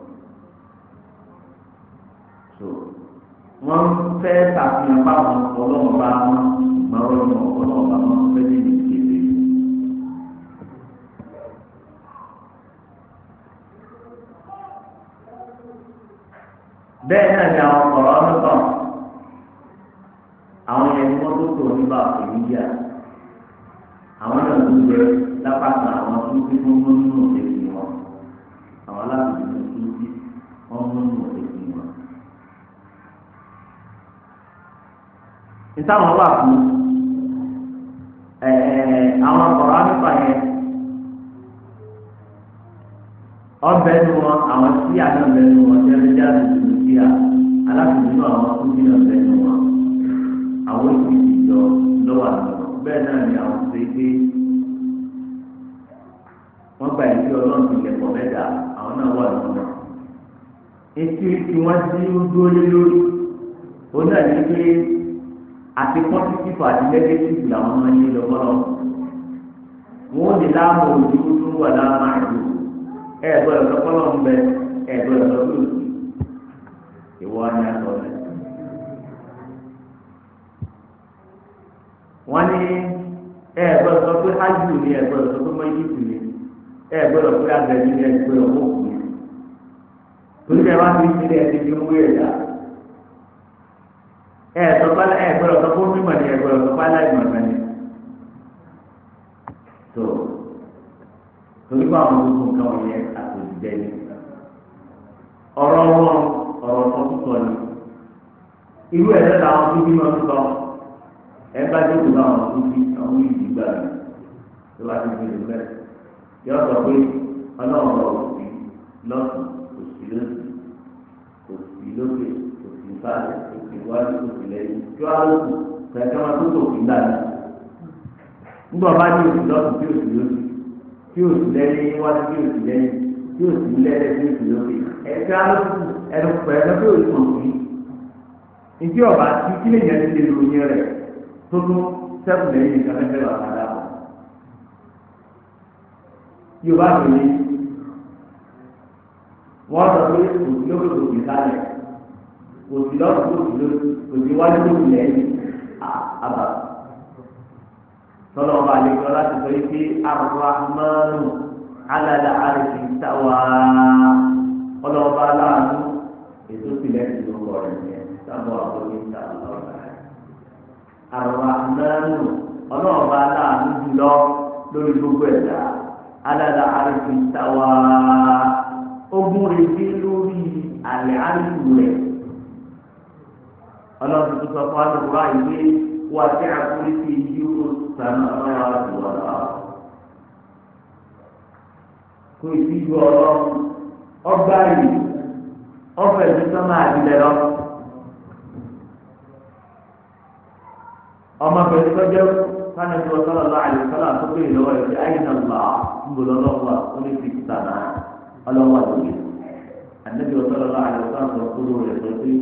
wọ́n fẹ́ tàbíyàn báwọn ọlọ́wọ́n bá wọn ṣùgbọ́n ọlọ́wọ́n ọlọ́wọ́n bá wọn fẹ́ ní ìkéde. bẹ́ẹ̀ náà ni àwọn ọ̀rọ̀ ọlọ́tọ̀ àwọn yẹn ni wọ́n tó tó nípa òkèlíyà àwọn náà ló jẹ lápáta àwọn tó ti fún mọ́nú òkèlè wọn àwọn aláàbò tó ti wọ́n mọ́nú òkèlè. nítawọn wà fún eh, eh, àwọn ọ̀rọ̀ nípa yẹn ọbẹ̀ nu wọn àwọn tí àná ọbẹ̀ nu wọn jẹ́ ẹgbẹ́ àdúgbò sí à alábìnrin àwọn kúndín ọbẹ̀ nu wọn àwọn èsì ìjọ lọ́wọ́ àlọ́ bẹ́ẹ̀ náà ni àwọn ṣe pé wọ́n gba ìdí ọlọ́run ti lẹ̀kọ́ mẹ́ta àwọn náà wà lọ́wọ́ náà etí tí wọ́n ti ń dúró lé lórí ó náà ní pé àti pọ́sítífù àti nẹ́gẹ́tífù làwọn máa ń yé lọ́wọ́lọ́ wọ́n ní láàmú ojú tó wà láàmú àjò ẹ̀ gbọ́dọ̀ lọ́kọ́lọ́ ń bẹ ẹ̀ gbọ́dọ̀ lọ́kọ́lọ́ ìwọ ni a sọ rẹ̀. wọ́n ní ẹ̀ gbọ́dọ̀ sọ pé ájú ni ẹ̀ gbọ́dọ̀ sọ pé mọ́yìtì ni ẹ̀ gbọ́dọ̀ pé àgbẹ̀bí ni ẹ̀ gbọ́dọ̀ mọ́kù ni. torí ẹ bá ti ń ṣe ẹ̀ ti ẹ̀ẹ́dọ́gba ẹ̀gbọ́dọ̀ sọ fún mímọ̀ ni ẹ̀gbọ́dọ̀ sọ fún aláìmọ̀ náà ni. tó torí bá àwọn olùkọ́ nǹkan wọ̀nyẹ àtòjìjẹ ni ọ̀rọ̀ wọn ọ̀rọ̀ sọ́kùsọ ni irú ẹ̀rẹ́ làwọn tó bí wọn sọ ẹ bá dé kùnà àwọn tó bí àwọn ìdí gbà mí tó bá ti di ìlú mẹ́rẹ̀ yọ sọ pé ọlọ́run lọ òsì lọ́sùn òsì lọ́sùn òsì lókè òsì ìbàdàn wá sí òkè lẹ́yìn tí wàá lò kù kẹ̀kẹ́ wọn tó tò fún gbàgbé nígbà wọn bá ní òsì lọ́sùn tí òsì lósì tí òsì lẹ́yìn wá sí tí òsì lẹ́yìn tí òsì lẹ́yìn tí òsì lókè ẹ̀ka ẹnu pẹ̀lú pé òsì òsì ìdí ọ̀bà tí kí lè yẹn ti lè lóyún rẹ̀ tó tó sẹ́kù lẹ́yìn ìkàlẹ́fẹ́ wà kàdá yorùbá mi ni wọ́n sọ pé òsì lókè òsì lálẹ́ kò sí lọ́dún kò sí lórí sí wájú kò sọlọ ọba àlejò láti sọ yìí pé arahmanu alala arìsì táwa ọlọ́ọ̀ba aláàánú ètò ìpìlẹ̀ ìlú kọ̀ọ̀rọ̀ yẹn sábọ̀ àbóyé táwa lọ́ọ̀ba rẹ̀. aláàánú jùlọ lórí gbogbo ẹ̀dá alala arìsì rẹ̀ dé lórí àlẹ́ rẹ̀. ọlọ́run tó sọ fún àdúgbò àìgbé wà sí àkúrísí yúrò sànà ọ̀rọ̀ àdúgbò ọ̀rọ̀ kò sí ju ọ̀rọ̀ ọgbà yìí ọfẹ tó sọ máa dilẹ̀ lọ. ọmọ pẹ̀lú tọ́jú kánà tó sọ̀rọ̀ lọ àyè sọ̀rọ̀ àtúntò ìlọ́wọ́ ẹ̀ ayé nà lọ ń bọ̀ lọ́wọ́ oníṣì sànà ọlọ́wọ́ àdúgbò àdúgbò sọ̀rọ̀ lọ àyè sọ̀rọ̀ àtúntò ìlọ́wọ́ ẹ̀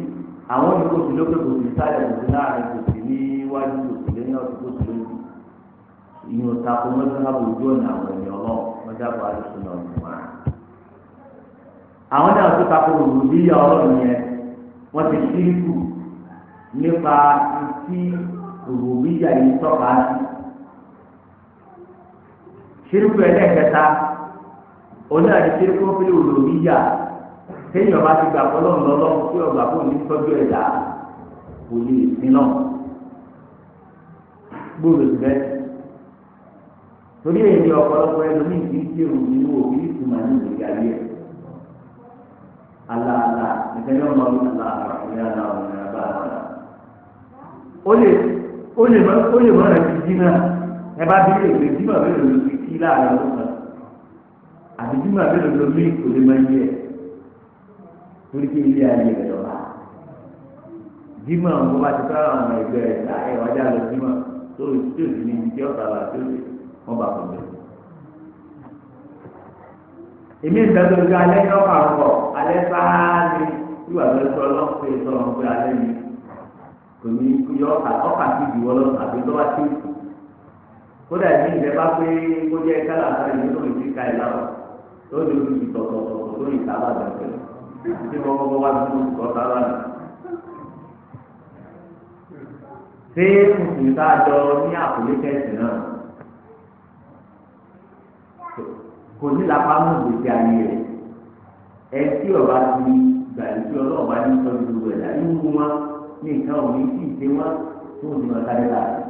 àwọn ìlú òsì lókè kò sí sálẹ̀ kò sí láàrin kò sí níwájú kò sí lẹ́yìn ọ̀sìn kò sí lójú ìyẹn ọ̀tá kó mọ́tò lábò ojú ọ̀nà àwọn ènìyàn ọlọ́run wọ́n dábàá àdìsí náà nù wá. àwọn náà tó takò òwò bí ìyá ọlọ́run yẹn wọ́n ti síríkù nípa ti òwò bí ìyá yìí tọ́ka sí. síríkù ẹlẹ́ẹ̀kẹta onáà ti síríkù ó fi òwò bí ìyá téèyàn bá ti gbà fọlọ́run lọ́lọ́run tí ọgbà fún mi tọ́jú ẹ̀dá kò lè sin náà gbòòrò sí bẹ́ẹ̀. torí èyí ọ̀pọ̀lọpọ̀ ẹlòmíì kì í ṣe òun ní òbí ìtumọ̀ ní ìgbéga rí ẹ̀. alaala nìkan yóò mọ ìlà ìyá ara òun ẹ̀ bá ara. ó lè ó lè mọ ó lè mọ rẹ̀ ti dín náà ẹ bá bí èdè dín mọ̀ bẹ́ẹ̀ lòlù ti kí láàrin ọ̀sán àti dín mọ̀ bẹ́ẹ̀ lòlù kò lè mọ iye ẹ̀ torí pé ilé ayé rẹ̀ lọ́la dímọ̀ mo bá ti fẹ́ràn àwọn ẹgbẹ́ rẹ̀ láàyè wájà lọ dímọ̀ tó o ti tòsí ní ibi tí ọ̀tá wa tó lè wọ́n bá fọ̀ bẹ́ẹ̀. èmi ìdájọ́ ojú alẹ́ ní ọkọ̀ àkọ́ alẹ́ sáá ni ìwà lọ sọ lọ́pẹ́ sọ̀rọ̀ pé alẹ́ ni kò ní kúyọ ọkà ọkà sí ìdíwọ́ lọ́sàn àbí tó bá tó kù kódà èmi ìdẹ́ bá pé kó jẹ́ kálá àtàlẹ́ ní òun ti ka ẹ̀ láwọ̀ lóde òun tí wọ́n kọ́kọ́ wá sí olùkọ́ sábà nù. ṣé kùsùn ìtajọ ní àkùlé kẹsì náà kò ní lápámú gbèsè ayé rẹ̀ ẹ tí ọba ti gbà ìṣe ọlọ́ọ̀bá ní sọ́dún gbogbo ẹ̀dá nínú wọn ní nǹkan òní tí ì ṣe tó ní ọ̀tá dé láàrin.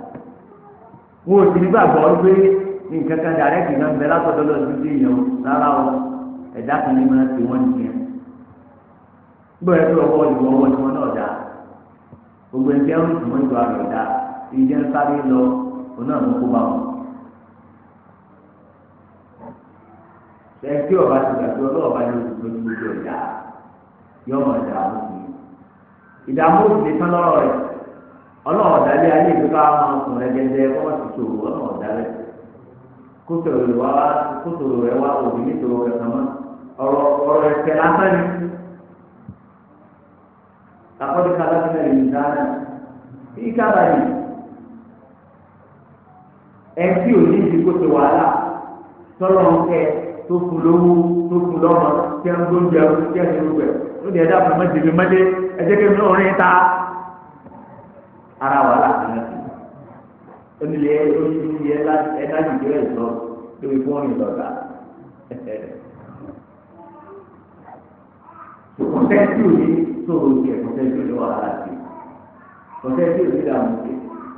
wọn ò sì ní gbàgbọ́ pé nǹkan kan dàrẹ́kì náà ń bẹ látọ̀dọ̀ lọ́dún sí èèyàn rárá o ẹ̀dá kan ní máa ń ṣe wọ́n nìyẹn bẹ́ẹ̀ bí ọwọ́ ìwọ ọwọ́ ìwọ náà dá gbogbo ẹgbẹ́ ń tún ìwọ àgbẹ̀ dá ìdí ń sáré lọ òun náà ló kó bá wọn. ẹgbẹ́ ọba ti gbà pé ọlọ́ọ̀ba ni oṣù tó ti gbogbo ẹ̀dá yọ ọmọ ẹ̀dá àbùkù ìdààmú òṣìṣẹ́ tán lọ́rọ̀ rẹ̀ ọlọ́ọ̀dá lé ayé ìgbé ká máa ẹgẹdẹ kọ́mọ̀ ti tò wọ́n ọlọ́ọ̀dá rẹ̀ kótó rẹ̀ wá òbí nítorí ọ̀rọ̀ ẹ̀kẹ́ lásán لقد خلقنا الإنسان في كبد ẹtí òní ìdìbò ti wàhálà tọrọ ke, tó kù lówó tó kù lọmọ tẹ ń gbóúnjẹ ọdún tẹ ń gbóúnjẹ lóde ẹ̀dá fún mi jèbi mọdé ẹjẹ kí n lọ rìn ta ara wàhálà kan náà dia onílé dia ẹ̀dá ìdílé ìtọ lórí fóònù lọta ẹhẹ tó kọńtẹ́ńtì òní tó o jẹ kọtẹ tó lọ wàhálà sí kọtẹ tí o ti dà mú sí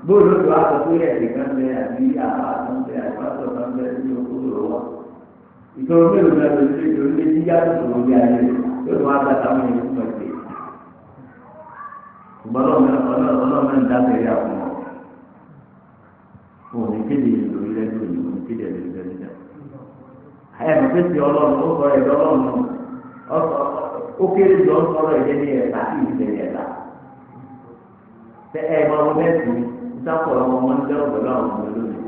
bóòlù tó a sọ pé ẹ̀rí kan bẹ àbí àbá kan bẹ àbá tó kan bẹ ní ojú rẹ wà ìtòrò mélòó náà ló ti lè lé yíyá tó tó lórí ayé yóò tó wá gba táwọn èèyàn fún ẹgbẹ́ ṣùgbọ́n ọlọ́mọ ń dábẹ̀rẹ̀ àwọn ọ̀ òní kéde lórí lẹ́gbẹ̀ẹ́ òní òní kéde lórí lẹ́gbẹ̀ẹ́ ẹ̀ mọ̀ pé ti ọlọ́run ó sọ ẹ̀rọ ọlọ́run ọ̀sọ̀ ó kéré lọ sọ̀rọ̀ ẹ̀jẹ̀ ní ẹ̀ta sí ìṣẹ̀lẹ̀ ẹ̀ta. Ṣé ẹ máa wọ bẹ́ẹ̀ sí ìsáfọ̀ ọmọ ọmọ ní dẹ́rù pẹ̀lú àwọn ọmọ lónìí?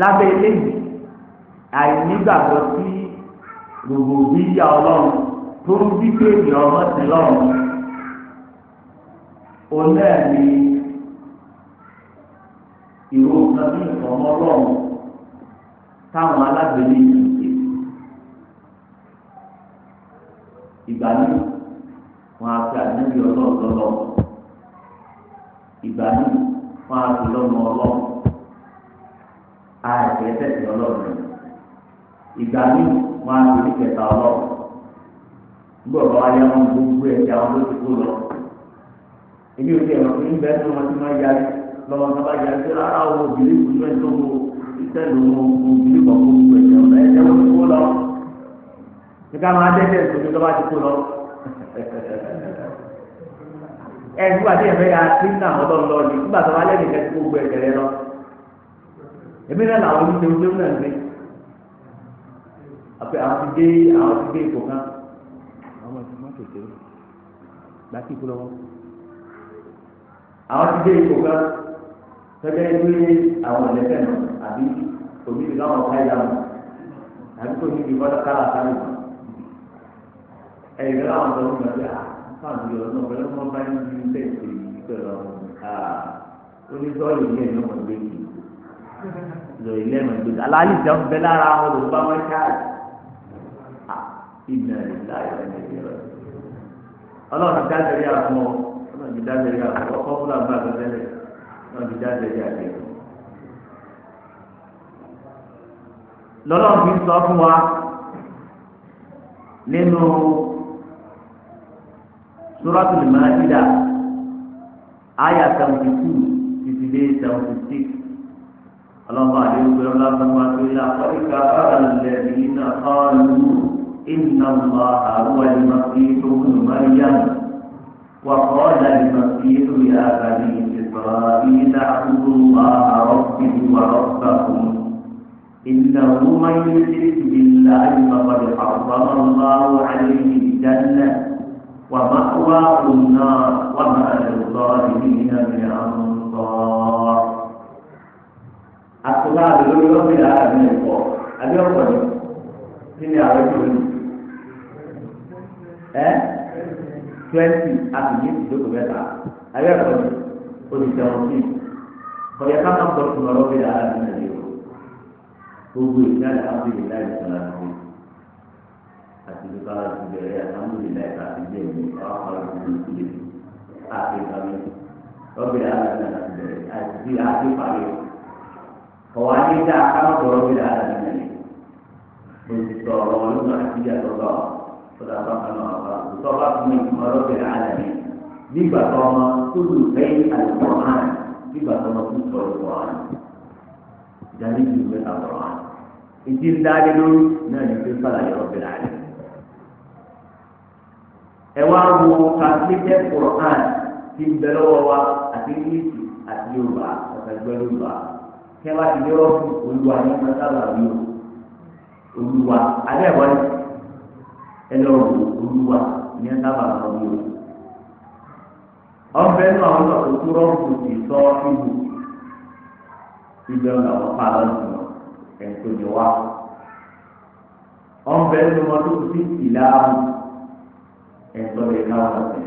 Lábẹ́ eléyìí, àìnígbàgbọ́ sí gbogbo òbí yá ọlọ́run tó ń bí kéèyàn ọmọ sí lọ́run. Olẹ́ẹ̀ni ìró nǹkan bí ìfọ̀mọ́ ọlọ́run táwọn alágbèlé yìí ṣe. ìgbà míì wọn á fi àdébí ọlọ́run lọ́lọ́ ìgbà míì wọn á fi lọ́mọ ọlọ́run àìsè tẹ̀sí ọlọ́run ìgbà míì wọn á fi kẹta ọlọ́run gbọ́dọ̀ ayé wọn gbogbo ẹ̀jẹ̀ àwọn tó lọ. èmi ò tiẹ̀ mọ̀ pé tó wọn ti máa yarí lọ́wọ́ sábà yà sí rárá o òbílí kùnú ẹ̀ tó o iṣẹ́ ló mọ òbílí kan kó gbogbo ẹ̀jẹ̀ ọ̀la ẹ̀jẹ̀ wọ́n ti kó lọ. Nígbà máa dẹ́jẹ̀ ìṣòro tó bá ti kó lọ. Ẹ nígbà tí ẹ̀fẹ́ ya sí náà ọ̀dọ́ lọ ni nígbà tó bá lẹ́nu ìfẹ́ ti gbogbo ẹ̀jẹ̀ rẹ lọ. Èmi náà làwọn oníṣẹ́ oṣù náà ní. Àpẹ àwọn ti dé àwọn ti dé ipò kan. Àwọn ọmọ ìgbìmọ̀ kékeré. Gbàtí ìkúlọ́wọ́ àwọn ti dé ipò kan gẹ́gẹ́ bí àwọn ẹlẹ́fẹ̀ nù àbí òbí ti káwọn ọ̀ká ìyá nù àbí kò ní ìbọn kára sáré nù ẹ̀yìn rẹ̀ láwọn ọ̀dọ́ nù ọ̀dọ́ àfáàmì yọ̀ ọ̀nà ọ̀pẹ̀lẹ́ mọ́ bá ń bí bẹ́ẹ̀ ṣe ìpẹ̀lẹ̀ ọ̀hún onídọ́ọ̀lù ilé ẹ̀yọ́ mọ̀ gbé kì lọ ilé ẹ̀mọ̀ gbé kì aláàlì jẹ́ ń bẹ lára àwọn olùkọ́ àwọn káàdì ìnà ìlàyé ọlọ́run dá náà ti jáde jáde. lọ́lọ́run fi sọ fún wa nínú suratul Maida àyà seventy two títí dé seventy six ọlọ́mọ àdéhùn pé ọlọ́mọ àdéhùn ilé àkọ́ríkà ọ̀rẹ́lẹ̀ yìí náà kọ́ lù إن الله هو المسيح ابن مريم وقال المسيح يا بني إسرائيل اعبدوا الله ربي وربكم إنه من يشرك بالله فقد حرم الله عليه الجنة ومأواه النار وما للظالمين من أنصار أقطع لولي رب العالمين فوق أبي أقول كني أعرفه ẹ́ twenty àti yìí ti dókòó mẹ́ta olùdàmọ́sí ọ̀yà káfá ń bọ̀tún ọ̀rọ̀ bí ara ní ìlú gbogbo ìdí alhamdulillah ìsọ̀rọ̀ àti àti ìdúkà láti bẹ̀rẹ̀ alhamdulillah àti bẹ́ẹ̀ ni ọ̀rọ̀ àwọn olùdíje àti ìbámu ọ̀bẹ̀ ara ní àti bẹ̀rẹ̀ àti bí àti parí ọ̀wá ní ìdá káfá bọ̀rọ̀ bí ara ní ìlú lórí sọ̀rọ̀ olùdó àti ìyàtọ̀ lọ sọ̀rọ̀ àbákanná àbá nígbà tó ọmọ tó lù lẹ́yìn àlùkòrán nígbà tó ọmọ tó sọ àlùkòrán ìdarí ju ìwé àlùkòrán ìdí ńdáde lórí náà ní pé fàlàyé ọbẹ̀ láàrin. ẹ wá wo kàkíńtẹ́ kòrán ti ń bẹ lọ́wọ́ wa àti níìsì àti yorùbá ọ̀sẹ̀gbẹ́ yorùbá kẹ́ wá ti lérò fún olúwa ní mọ́tàlá mi o olúwa alẹ́ wọ́n ẹ lọ́wọ́ olúwa ní mọ́tàlá mi o ọbẹ̀ náà wọ́n lọ kó rọ́ọ̀kù ti sọ ìlú ìjọ náà wọ́n pa lọ́sùn ẹ̀kọ́ ni wá. ọbẹ̀ ní wọ́n tó ti ìlà ẹ̀tọ́ lè ká wọn sẹ̀.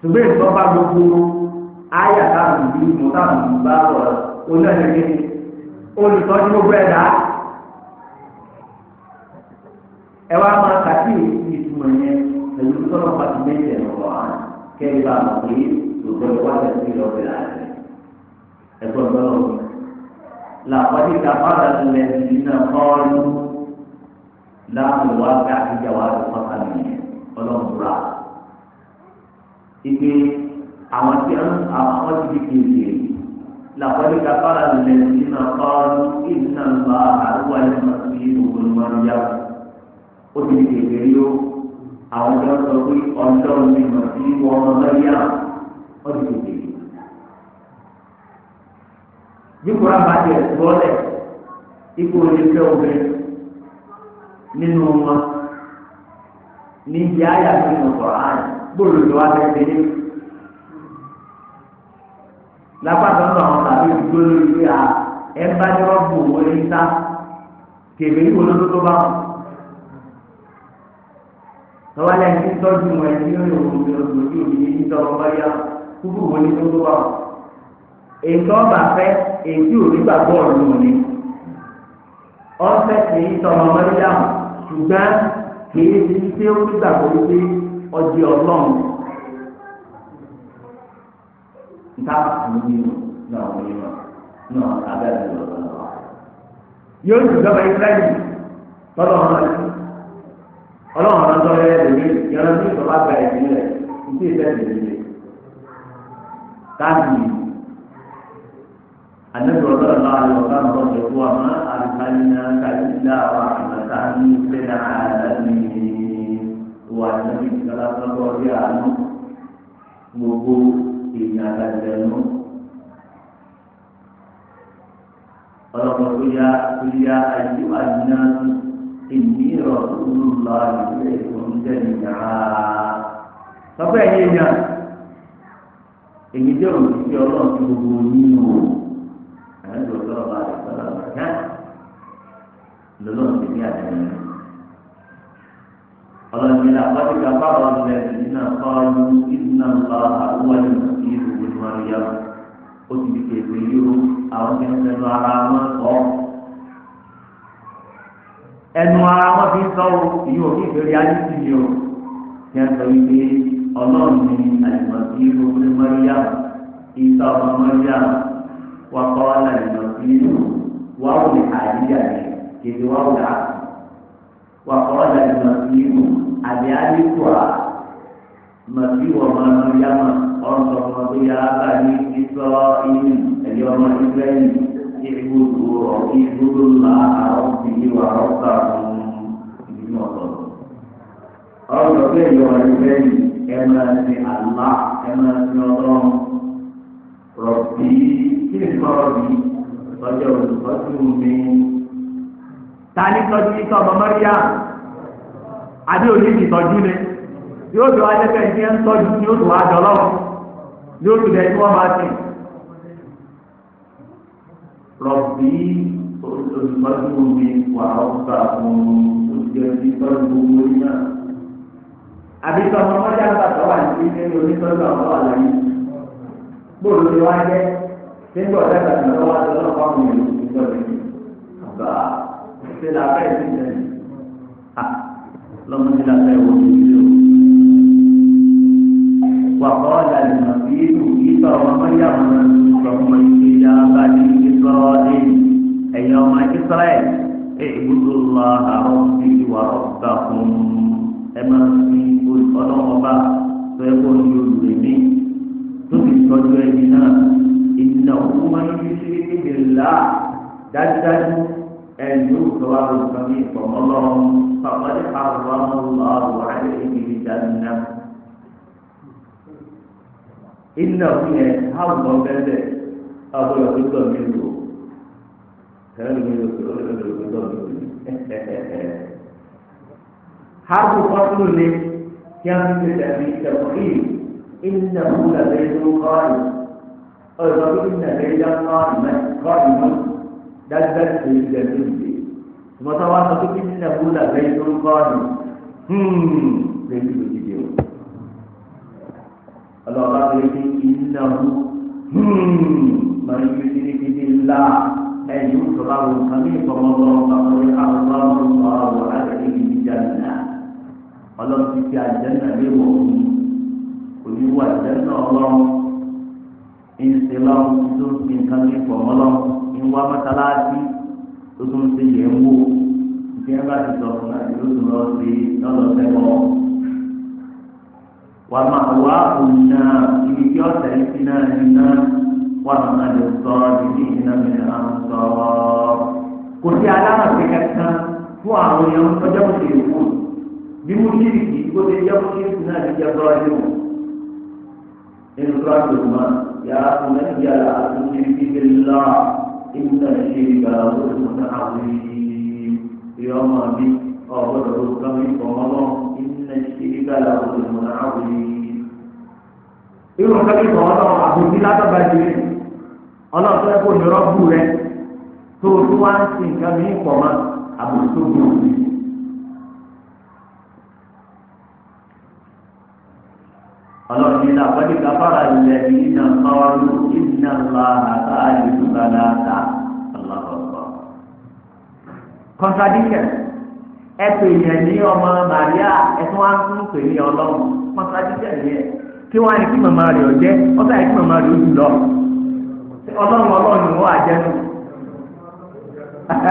ṣùgbọ́n ìtọ́ bá gbogbo ayà táwọn ìlú mú táwọn ìlú bá sọ̀rọ̀ onílẹ̀ olùtọ́jú gbogbo ẹ̀dá. ẹ wá máa kàkí ìtumọ̀ yẹn pẹ̀lú sọ́nà pàtó méjì ẹ̀rọ wà á kẹ́lí bá mọ̀ pé lùgbọ́dọ̀ wá tẹ̀sí lọ́sẹ̀ láàrin ẹ̀gbọ́n tó lọ. làkọ́jú tàbádà lẹ̀ nínú kọ́ọ̀lù láàmú wá bí àtijọ́ wa lè pàtà nìyẹn ọlọ́mùbúra. ìpè àwọn tí àwọn ti di kéde làkọ́jú tàbádà lẹ̀ nínú kọ́ọ̀lù ìdínà lọ́wọ́ àrùwá ìmọ̀ sí ìwòlùmọ́ríyá ó ti di kéde yóò. àwọn tó ń sọ pé ọlọ́run ní mọ̀ sí wọn lọ́yà wọ́n ti tètè. bí kúrò bá tiẹ̀ sọ́ọ̀lẹ̀ ipò onífẹ́ obìnrin nínú wọn ní ibi àyà àwọn tàbí ìdúró lórí pé à ẹ bá lọ́wọ́ lẹ́yìn tí tọ́jú wọn ẹni yóò lò wọ́n lò lójú òbí ní tọ́wọ́ báyà kúkú wọn ní tó tó wà. ètò ọba fẹ́ ètò òbí gbàgbọ́ ọ̀run òní. ọ̀fẹ́ kì í tọmọ mọ́lẹ́dà ṣùgbọ́n kì í ti ṣe ó gbàgbọ́ wípé ọdí ọlọ́run. nta àmì náà wọ́n yé wọn náà abẹ́rẹ́ lọ́wọ́ yóò ṣùgbọ́n bá yẹ ọlọ́run máa ń tọ́ ẹ lórí ìran ní ìtọ́lá gba ẹ̀sìn rẹ̀ ìdí ìfẹ́sẹ̀ lórí káàdì àdébò ọlọ́run náà lọ bá ń bọ̀ lẹ́kọ́ àmọ́ àbíkáyé náà káyé ilá àwọn àgbàtà ní ìfẹ́ náà àdáni wà níbi ìtọ́lá tọ́lọ́ orí àánú gbogbo èèyàn àgbàjẹ́nu. ọlọ́run tó yá tó yá àyíwá ní tó ìdí ìrọ̀lú lọ ìdílé ìkóúnjẹ nìyà. sọ́kọ́ ẹ̀yẹ́ yẹn èyí jẹ́ òṣìṣẹ́ ọlọ́run tí gbogbo yín o àyẹ̀dọ̀ lọ́ba àdìsọ́lá bàjá lọ́lọ́run ti ní àdéhùn. ọlọ́run ní àpáti kápá ọ̀lẹ́ nínú àpáwọn ìdúná ńlá àwọn ìlú ìlú ìlú mariam ó ti di pèpè yìí o àwọn tí ń fẹ́ lọ ara wọn kọ́ ẹnu ara wọn fi sọ o ìyẹn òfin ìfèrè ayé ti ni o kí ẹ sọ wípé ọlọ́run ní àlùmọ̀tí gbogbo mọ́ríyá ìta ọmọ mọ́ríyá wà kọ́ àlùmọ̀tí wà wò lè àyíyá rẹ̀ kéde wà wò lè àkù wà àbí ayé mọ̀tí wọ̀ mọ́ mọ́ríyá mọ́ ọ̀sọ̀ ọmọ tó yà bá ní sísọ inú ẹ̀yọ́ ọmọ ìgbẹ́yìn ìgbòdo ọ̀ ìgbòdo làárọ̀ yìí wà ọ́ta ìbínú ọ̀tọ̀ọ̀tọ̀. ọ̀rọ̀ bẹ́ẹ̀ yọ ọ̀rẹ́ bẹ́ẹ̀ ẹ máa ti àlá ẹ máa ti ọlọ́run rọ̀bì kí ni kọ́ rọ̀bì ọjọ́ olùkọ́sí mi. ta ní tọ́jú ní sọ́ọ̀bù mọ́ríyá adé òní ti tọ́jú ni yóò tó wájú pé ẹni ń tọ́jú ni yóò tó wájú ọlọ́run yóò tó dẹ̀ tí wọ́n máa sìn. rọ̀bì olùbádùn omi wà ọ̀gbà fún oúnjẹ tí bọ́ọ̀lù gbogbo yìí náà. àbíkọ́ ọmọ ọmọdé àgbàdo wà ní ilé onítọ́jú àwọn ini, láyé. bóòlù ti wá jẹ́ nígbà ọ̀dà àgbàdo lọ́wọ́ àti ọlọ́pàá mi ò ní ìjọ rẹ̀. àgbà ṣe la fẹ́ sí ìjẹ́ni. lọ́mọdé la fẹ́ wọ ní ilé o. wà kọ́ ọ̀dà ẹ̀yin ọmọ israẹl ẹ ìgbógun lọ àwọn ti wà ọgbà fún ẹ máa fi ọlọ́mọba tó ẹ kó ní olùwé mi tó fi tọ́jú ẹ̀yin náà ìdìnnà òkú máa ń fi sí ìdìlá dájúdájú ẹ̀yìn òkú wa ló sọ ní ìfọ̀mọ́ lọ́wọ́ pàpàdé àwọn ọmọ ọlọ́wọ́ àti ìdìlí dáná. ìdìnnà òkú yẹn á wù bẹ́ẹ̀ bẹ́ẹ̀ ọgbọ́dọ̀ حرف فصل كم في تفخيم إنه لبيت قائم أيضا إن بيتا قائما قائما دلت في الجنة ثم تواصلت إنه لبيت قائم هم بيت الجنة الله قال إنه هم من يشرك بالله ẹ̀yìn ìṣọ̀lá wọn kan ní Allah ọ̀pọ̀lọpọ̀ àwọn di àgbẹ̀dẹ̀ ìdí di ọlọ́run ti fi àjẹ́nà lé wọ̀ fún oníwọ̀ àjẹ́nà ọlọ́run ìṣe lọ́run tó ń fi nǹkan ní ìfọmọ́lọ́run ìwà mọ́tàláàtì tó tún ṣe yẹ̀ ń wò ìdí ẹ̀ bá ti sọ fún àti ló tún lọ sí lọ́lọ́sẹ̀ wọn sọ kò sí alárànṣe kankan fún àwọn èèyàn tọjọ kò sí èkó bí mo ṣe ìdí kó ṣe jẹ kó ṣe ìdí náà lè jẹ bọ́ọ̀ ẹni wọn nínú tó a tó ma yà á fún ẹni yà á fún ẹni bí bí lọ ìmúta ṣe ìgbà owó tó ta àwọn èyí ìyá ọmọ mi ọgbọdọ tó kàn mí kọ mọ náà ìmúta ṣe ìgbà owó tó ta àwọn èyí. irun kẹ́kẹ́ kọ́ ọ́ náà àbòsí látọ̀gbà jẹ́ ọlọ́ọ̀tọ́ ẹ̀kọ́ ìrọ́bù rẹ̀. tó o tó wá ń sin nǹkan mi ń pọ̀ mọ́ àbùkù tó gbé òbí. ọlọ́run ní làbọ́dé kábàrà ilẹ̀ ní iná máwárú iná ńlá àtà àyèkúta láta ọlọ́run. contradiction ẹ pè yẹn ní ọmọ màríà ẹ tún wá ń tún pè ní ọlọ́run contradiction yẹn kí wọ́n á ní kí màmá rẹ̀ ọ̀jẹ́ ọ̀sán yìí kí màmá rẹ̀ ó jù lọ. ọlọ́run ọlọ́run ni wọ́n á jẹ́ nù. iná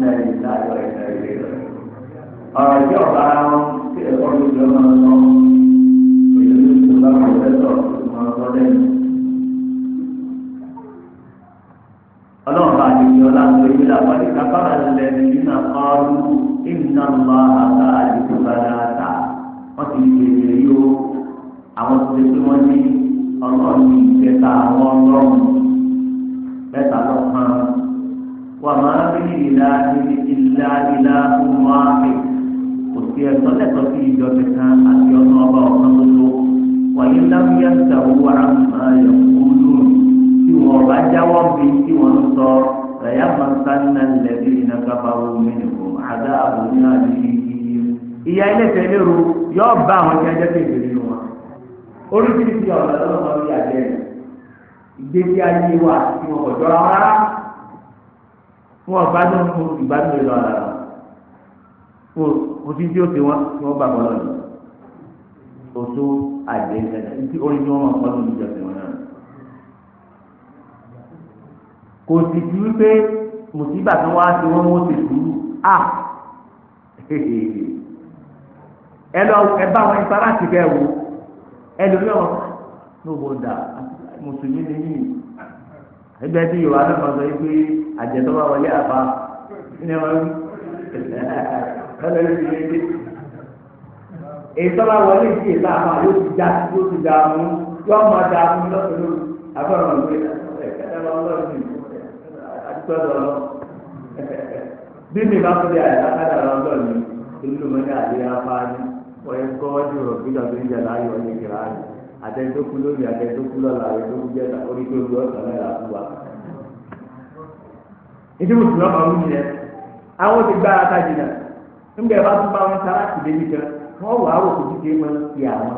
ìlà yọ ìlà ìlẹ̀ ọ̀rọ̀ tí ọ̀gá tí ẹ̀kọ́ ló jọ máa ń lọ èyí ló ti bá pọ̀fẹ́sọ̀ máa sọ lẹ́nu. ọlọ́run bá ti fi ọlá sọ ibi làbọ̀dé kábàrà lẹ́nu nínú ọ̀rú ìnà lọ àgbà ọlọ́run ìjẹta àwọn ọlọ́run mẹ́ta lọ́kàn. وما من إله إلا إله واحد òsì ẹ̀tọ́ lẹ́tọ́ sí ìjọ nìkan àti ọ̀nà ọba ọ̀kan gbogbo wàyí lábíyá ìṣàwọ̀ wàrà máa yẹ kúlù tí wọn bá jáwọ́ bí tí wọ́n sọ ẹ̀yà màsánná lẹ́bí iná kábàáwò mẹ́nìkùn àdá àbòyí àdìrí iye. ìyá ilé tẹ̀lé ru yóò bá àwọn tí a jẹ́ kéde nínú wa oríṣiríṣi ọ̀nà lọ́wọ́ wọn bí àjẹ́ ìgbésí ayé wa tí wọn kò jọra rárá wọn ọba tó ń fún ìbádùn ìlọ ara rẹ kó o ti tí o ti wọn tí wọn bá wọn lọ yìí o tó àjẹ ìdájà ní orin tí wọn máa kọ́ lórí ìjọsìn wọn náà kò sì ti wípé mùsíbà tó wá sí wọn wọn ti dùn á ẹ lọ ẹ bá wọn ìfara ti bẹ wò ẹ lórí ọ ní òbò dà mùsùlùmí lè yìí ẹgbẹ́ tí yorùbá lọ́kàn sọ yìí pé àjẹtọ́ bá wọlé àbá ní wọn lọ́lọ́ lórí ilé ètò bá wọlé sí ètò àbá yóò ti já yóò ti dá mú yóò má dá mú lọ́sọ̀rọ̀ àbọ̀rọ̀ ọ̀gbẹ́ ẹ̀kẹ́tẹ́ bá wọlé sí àdúgbò lọ́wọ́ bí mi bá fúnlé àyà kádà lọ́dọ̀ mi ìlú mi ní àdéhà fáájú wọ́n kọ́ ọdún rọ̀ bí lọ́dún ń jẹ láàyò ètò ìmùsùlùmí ọmọ ọdún yẹn àwọn ti gbára ta jìnnà nígbà yẹn bá tún bá wọn ta láti débi kan wọn wà áwò kò jíjẹ máa ń fi àwọn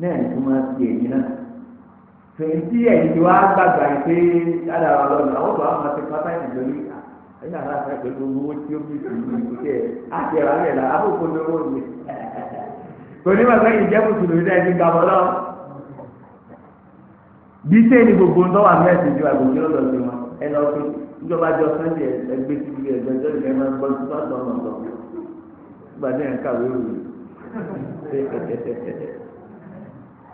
náà ní kó máa ń fi èyí náà fèyìntì ẹ̀yìn tí wàá gbàgbà yìí pé dáadáa wà lọ́nà àwọn tó wà máa ti pátá ìdí lórí ẹ̀yìn àwọn afẹ́ pẹ̀lú owó tí ó fi tìlú ìdíkẹ́ àti ẹ̀rọ alẹ́ la àbòkò lówó ni kò ní wàá fẹ́yìn jẹ́ mùsùlùmí náà ti gbàgbọ́ lọ. bí sẹ́yìn gbogbo ń tọ́wọ́ àmì ẹ̀sìn ju àgbòjì lọ́dọ̀ wọn ẹ lọ́ọ́ ìjọba jọ sẹ́ńdì ẹgbẹ́ ti fi ẹgbẹ́ tó lè máa gbọ́ tó bá tọ̀ ọ̀nà ọ̀tọ̀ gba ní ẹ̀ka wéwù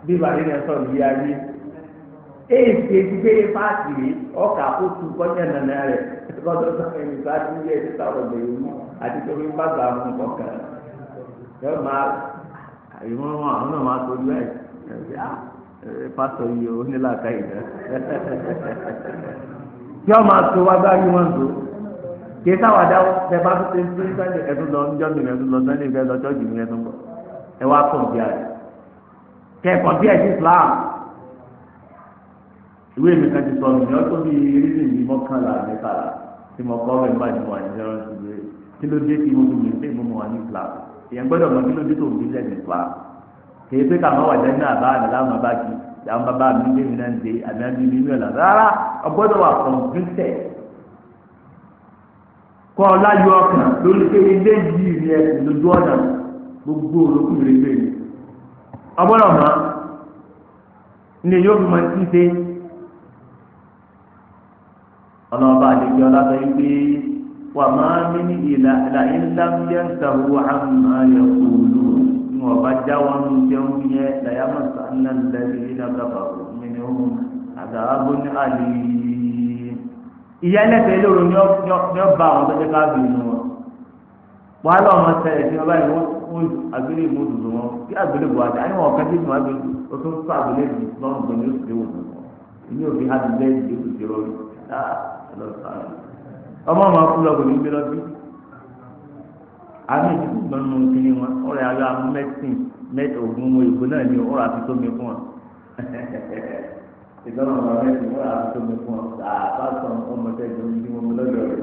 bí bàbá yẹn sọ ní ayé èyí ti ebi gbé fáàtì rí ọkà kó tu kọjá nàná rẹ lọ́dọ̀ sọfẹ ní sáájú ilé ẹni sáwọn ọgbẹ yìí mú àti tó fi bá gbà mú ọkà ẹ máa àyùmọ wọn àwọn náà máa tójú ẹ pásítọ̀ yìí ó nílò àkàyè náà. kí ọ máa tó wá báyìí wọn tó kí ẹ káwá dáwọ ẹ bá tó ṣe ń pín sẹ́lẹ̀ ẹ̀dùn lọ níjọ́ mi ẹ̀dùn lọ sẹ́lẹ̀ ìfẹ́ lọ ṣọ́ọ̀jì mi ẹ̀dùn bọ̀ ẹ wá kàn bí ààrẹ kẹ bí ẹ̀sìn Islam ìwé mi kan ti sọ mi ọ tó bí irisì mi mọ́kànlá mẹ́tàlá tí mo kọ́ ọ̀rẹ́ nígbà tí mo wà ní zero kí ló dé tí mo fi mi pé mo mọ̀ wà ní Islam èèyàn gbọ́dọ̀ mọ̀ kí ló dé tó ń bí sẹ́yìn Islam kì í pé kà má wà jẹ́ ní àbá àdàlà àwọn bàbá mi lé mi náà ń de àmì àbí mi lé ọ̀la rárá ọgbọ́dọ̀ wà kọ̀ǹpútẹ̀ kọ́ ọ láyọ̀ ọkàn lórí pé ilé yìí rí ẹ lójú ọ̀nà gbogbo olókùn rẹ̀ pé ọgbọ́dọ̀ mọ́ ní yóò fi mọ sí ṣe ọlọ́ọ̀bá àdéjọ ọlọ́sọ yìí pé wà máa ń ní ìlà ìlà ìlà ń yẹn sàwọ́ àmì àyẹ̀kọ́ olóòrùn ní wọn bá jáwọ́ ní jẹun yẹ làyàmọ̀ sànà lẹ́yìn iná kábàrò nínú ohun àgàbó ní àlè. ìyá ẹlẹ́fẹ̀ẹ́ lóru ni ó bá àwọn tọ́jú ká bì nù wọn. wàhálà ọmọ sẹ́yìn tí wọ́n bá yẹ wọ́n agbélé mú dùdù wọn bí agbélé bu àti àyẹ̀wò ọ̀kan tí tùmọ̀ agbélé o tún fún agbélé bu lọ́rùn tó ní oṣù tó wù wọn. ìní òfin hàbí lẹ́yìn oṣù tó rọrùn. ọmọ ọmọ akúlọ̀ kò ní gbé lọ bí àmì ìdìbò gbọ́nù kìíní wọn ọ̀rẹ́ ayọ́ amú mẹ́tìn mẹ́tìn ògùn mo ìbò náà ni ọ̀rọ̀ àti tómi fún ọ. ìgbọ́nà ọ̀rọ̀ mẹ́tìn ọ̀rọ̀ àti tómi fún ọ àbá sọ ọmọdé ẹ̀jọ̀ ní mo lọ́dọ̀ rẹ̀.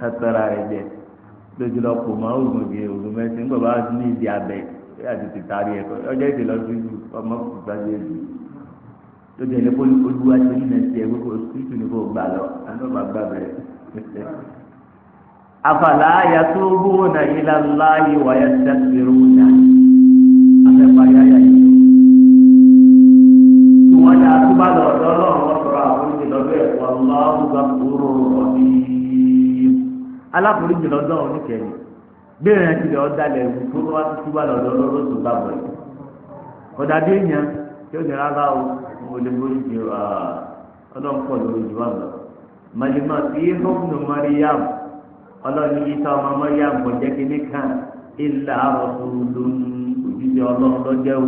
tẹ́tẹ́ra rẹ̀ jẹ lójú lọ kò máa ògùn di ògùn mẹ́tìn nígbà bá ní ìdí abẹ àti tìtarí ẹ̀kọ́ ọjọ́ ìdè lọ sí ju ọmọ kùtà dé ju lójú ẹ̀ afala yatubuna ila na wa yastakbiruna afẹ́fà ya yìí. tí wọ́n yà á túbà lọ́dọ́ lọ́rùn wọn sọ̀rọ̀ àforíjì lọ́dọ̀ ẹ̀ wallahu ghafurur rahim. ti tó wá tó bá tí ó o mo lè ju lórí ju lọ. hókùnù ọlọ́ni yìí sọ ọmọ mọ́rí àgbọ̀jẹ́ kínní kan ilà ọ̀sùnlùm òjijì ọlọ́run lọ́jẹ́ o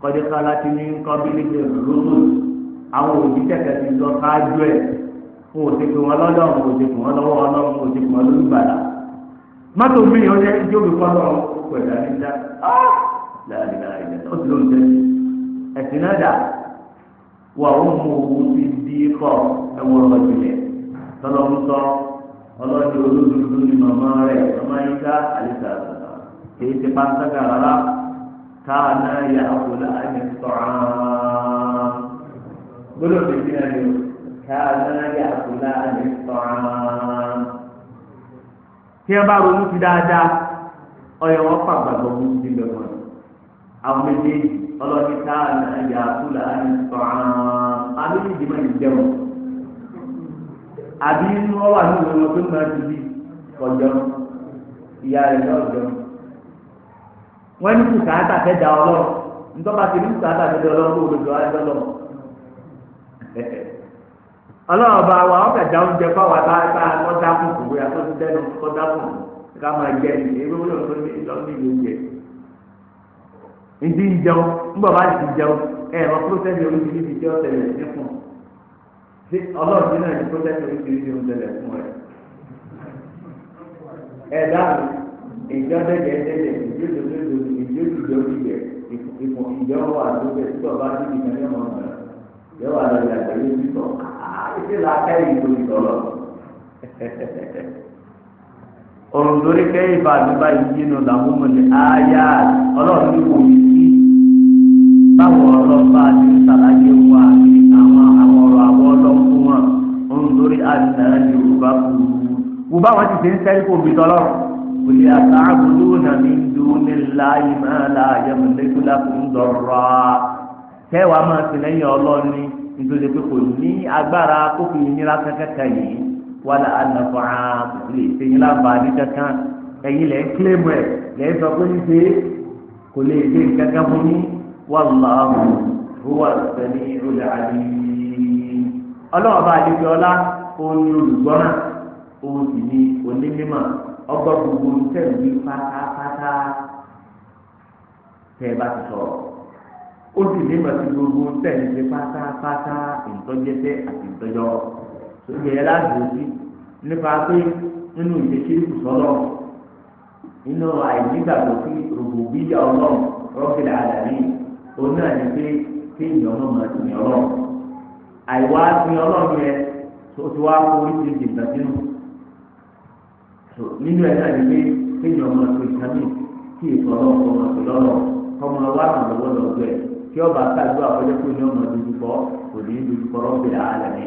kọ́dékálá ti ní kọ́bílì tẹ̀ lóru àwọn òjijì kẹ̀ ti lọ káájú ẹ̀ fún òsèkè wọn lọ́dọ̀ wọn òsèkè wọn lọ́wọ́ ọlọ́run òsèkè wọn lórí gbàdá mọ́tò mi yọ jẹ́ ìjókòó kọ́ lọ́run pẹ̀lú àdídá láàrin láàrin ó ti ẹ̀sìn náà dà wà ó mú owó ti di kọ́ ẹ̀wọ̀n ọ̀jìnlẹ̀ ọlọ́dún olódodo ni màmá rẹ̀ màmá yíká àlìsà àtàlà kìí ṣe pàṣẹkà rárá káà náà yà àkùlà àmì sọ̀rọ̀ gbọ́dọ̀ fi sí ẹni o káà náà yà àkùlà àmì sọ̀rọ̀ tí ẹ bá ronú ti dáadáa ọyọ wọn pàgbàgbọ́ mú sí lọ́wọ́ àwọn méjèèjì ọlọ́dún káà náà yà àkùlà àmì sọ̀rọ̀ àbí ìdìbò ìjẹun. àbí inú ọwà ní ìwé wọn pé máa ti bí ọjọ́ ìyá rẹ̀ ní ọjọ́ wọn ní kùkàtà fẹ́ da ọlọ́run ntọ́ba ti ní kùkàtà fẹ́ da kó lọ. ọlọ́run bá wa ọ̀kà já oúnjẹ fáwọn tó ti dẹ́nu ká máa jẹ wọn lọ́wọ́ ní ìlú ìdí ìjẹun bá ti jẹun ẹ̀ tí ọlọ́ọ̀dì náà ní pọ́jẹ́tì oríṣiríṣi ń tẹ̀lé fún rẹ̀. ẹ̀dá mi ìjọba ẹ̀jẹ̀ ẹ̀jẹ̀ ìjọ́jọ́ lójó ìjọ́jọ́ ìjọ́ ìjẹ́ ìfọ̀ ìjọ́ wà lókè tí bàbá ti di ìgbà yẹn mọ̀ ọ́nà yẹ wà lórí àgbáyé títọ̀ àti làákà ìlú ìtọ̀lọ̀. òǹdorí kẹ́yìn bá mi bá yìí nù làwọn mọ̀ ní bùbá wọn ti ṣe ń sẹ́yìn kó omi tọ́lọ́ kò lè àtàbùdó nàmi dùnmí láyé máa la àyẹ̀mú lẹ́kúlá fún dọ̀rọ̀ kẹwàá máa ti lẹ́yìn ọlọ́ni nítorí pé kò ní agbára kó fi nira kankan yìí wàlà ànàfọ̀ ààbò lè ṣe yín láǹfààní kankan ẹ̀yin lẹ́ ń kílẹ̀ mọ́ ẹ̀ lẹ́ sọ pé ní ṣe kò lè ṣe kankan fún yín wàlláhu huwa sẹ́ni olùdarí ọlọ́ọ̀bá àdìgbọ́lá òun ni olùgbọ́ràn. o sì ni onímọ̀ ọgbọ́n gbogbo tẹ̀lé pátápátá tẹ́ ẹ bá ti sọ̀rọ̀ ó sì sí gbogbo tẹ̀lé pátápátá ìtọ́jẹ́sẹ́ àti ìtọ́jọ́ sókè ẹ láti sí nípa pé nínú ìṣesí ìkùsọ́lọ́ nínú àìnígbàgbọ́ sí rògbòbíyà ọlọ́run rọ́bìlà àdàní òun náà ní pé ọmọ máa ti yàn ọlọ́run àìwá ti yàn ọlọ́run yẹn tó ti wá tó nínú ẹ̀ náà nílé kéèyàn ọmọ ẹ̀kọ́ ìtàmì kí ètò ọlọ́ọ̀kọ́ ọmọ ẹ̀kọ́ lọ́rọ̀ ọmọ wa kàn lọ́wọ́ lọ́gbẹ́ kí ọba àtàgbọ́ àkọ́jọ́ pé ní ọmọ dojúkọ kò ní dojúkọ rọ́bìlà alẹ́mí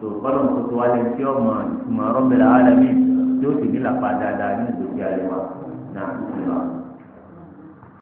tó kọ́lọ́ tuntun wa lẹ́yìn tí ọmọ ìtumọ̀ rọ́bìlà alẹ́mí tí ó sì ní làpá dáadáa ní ìdòkè àríwá náà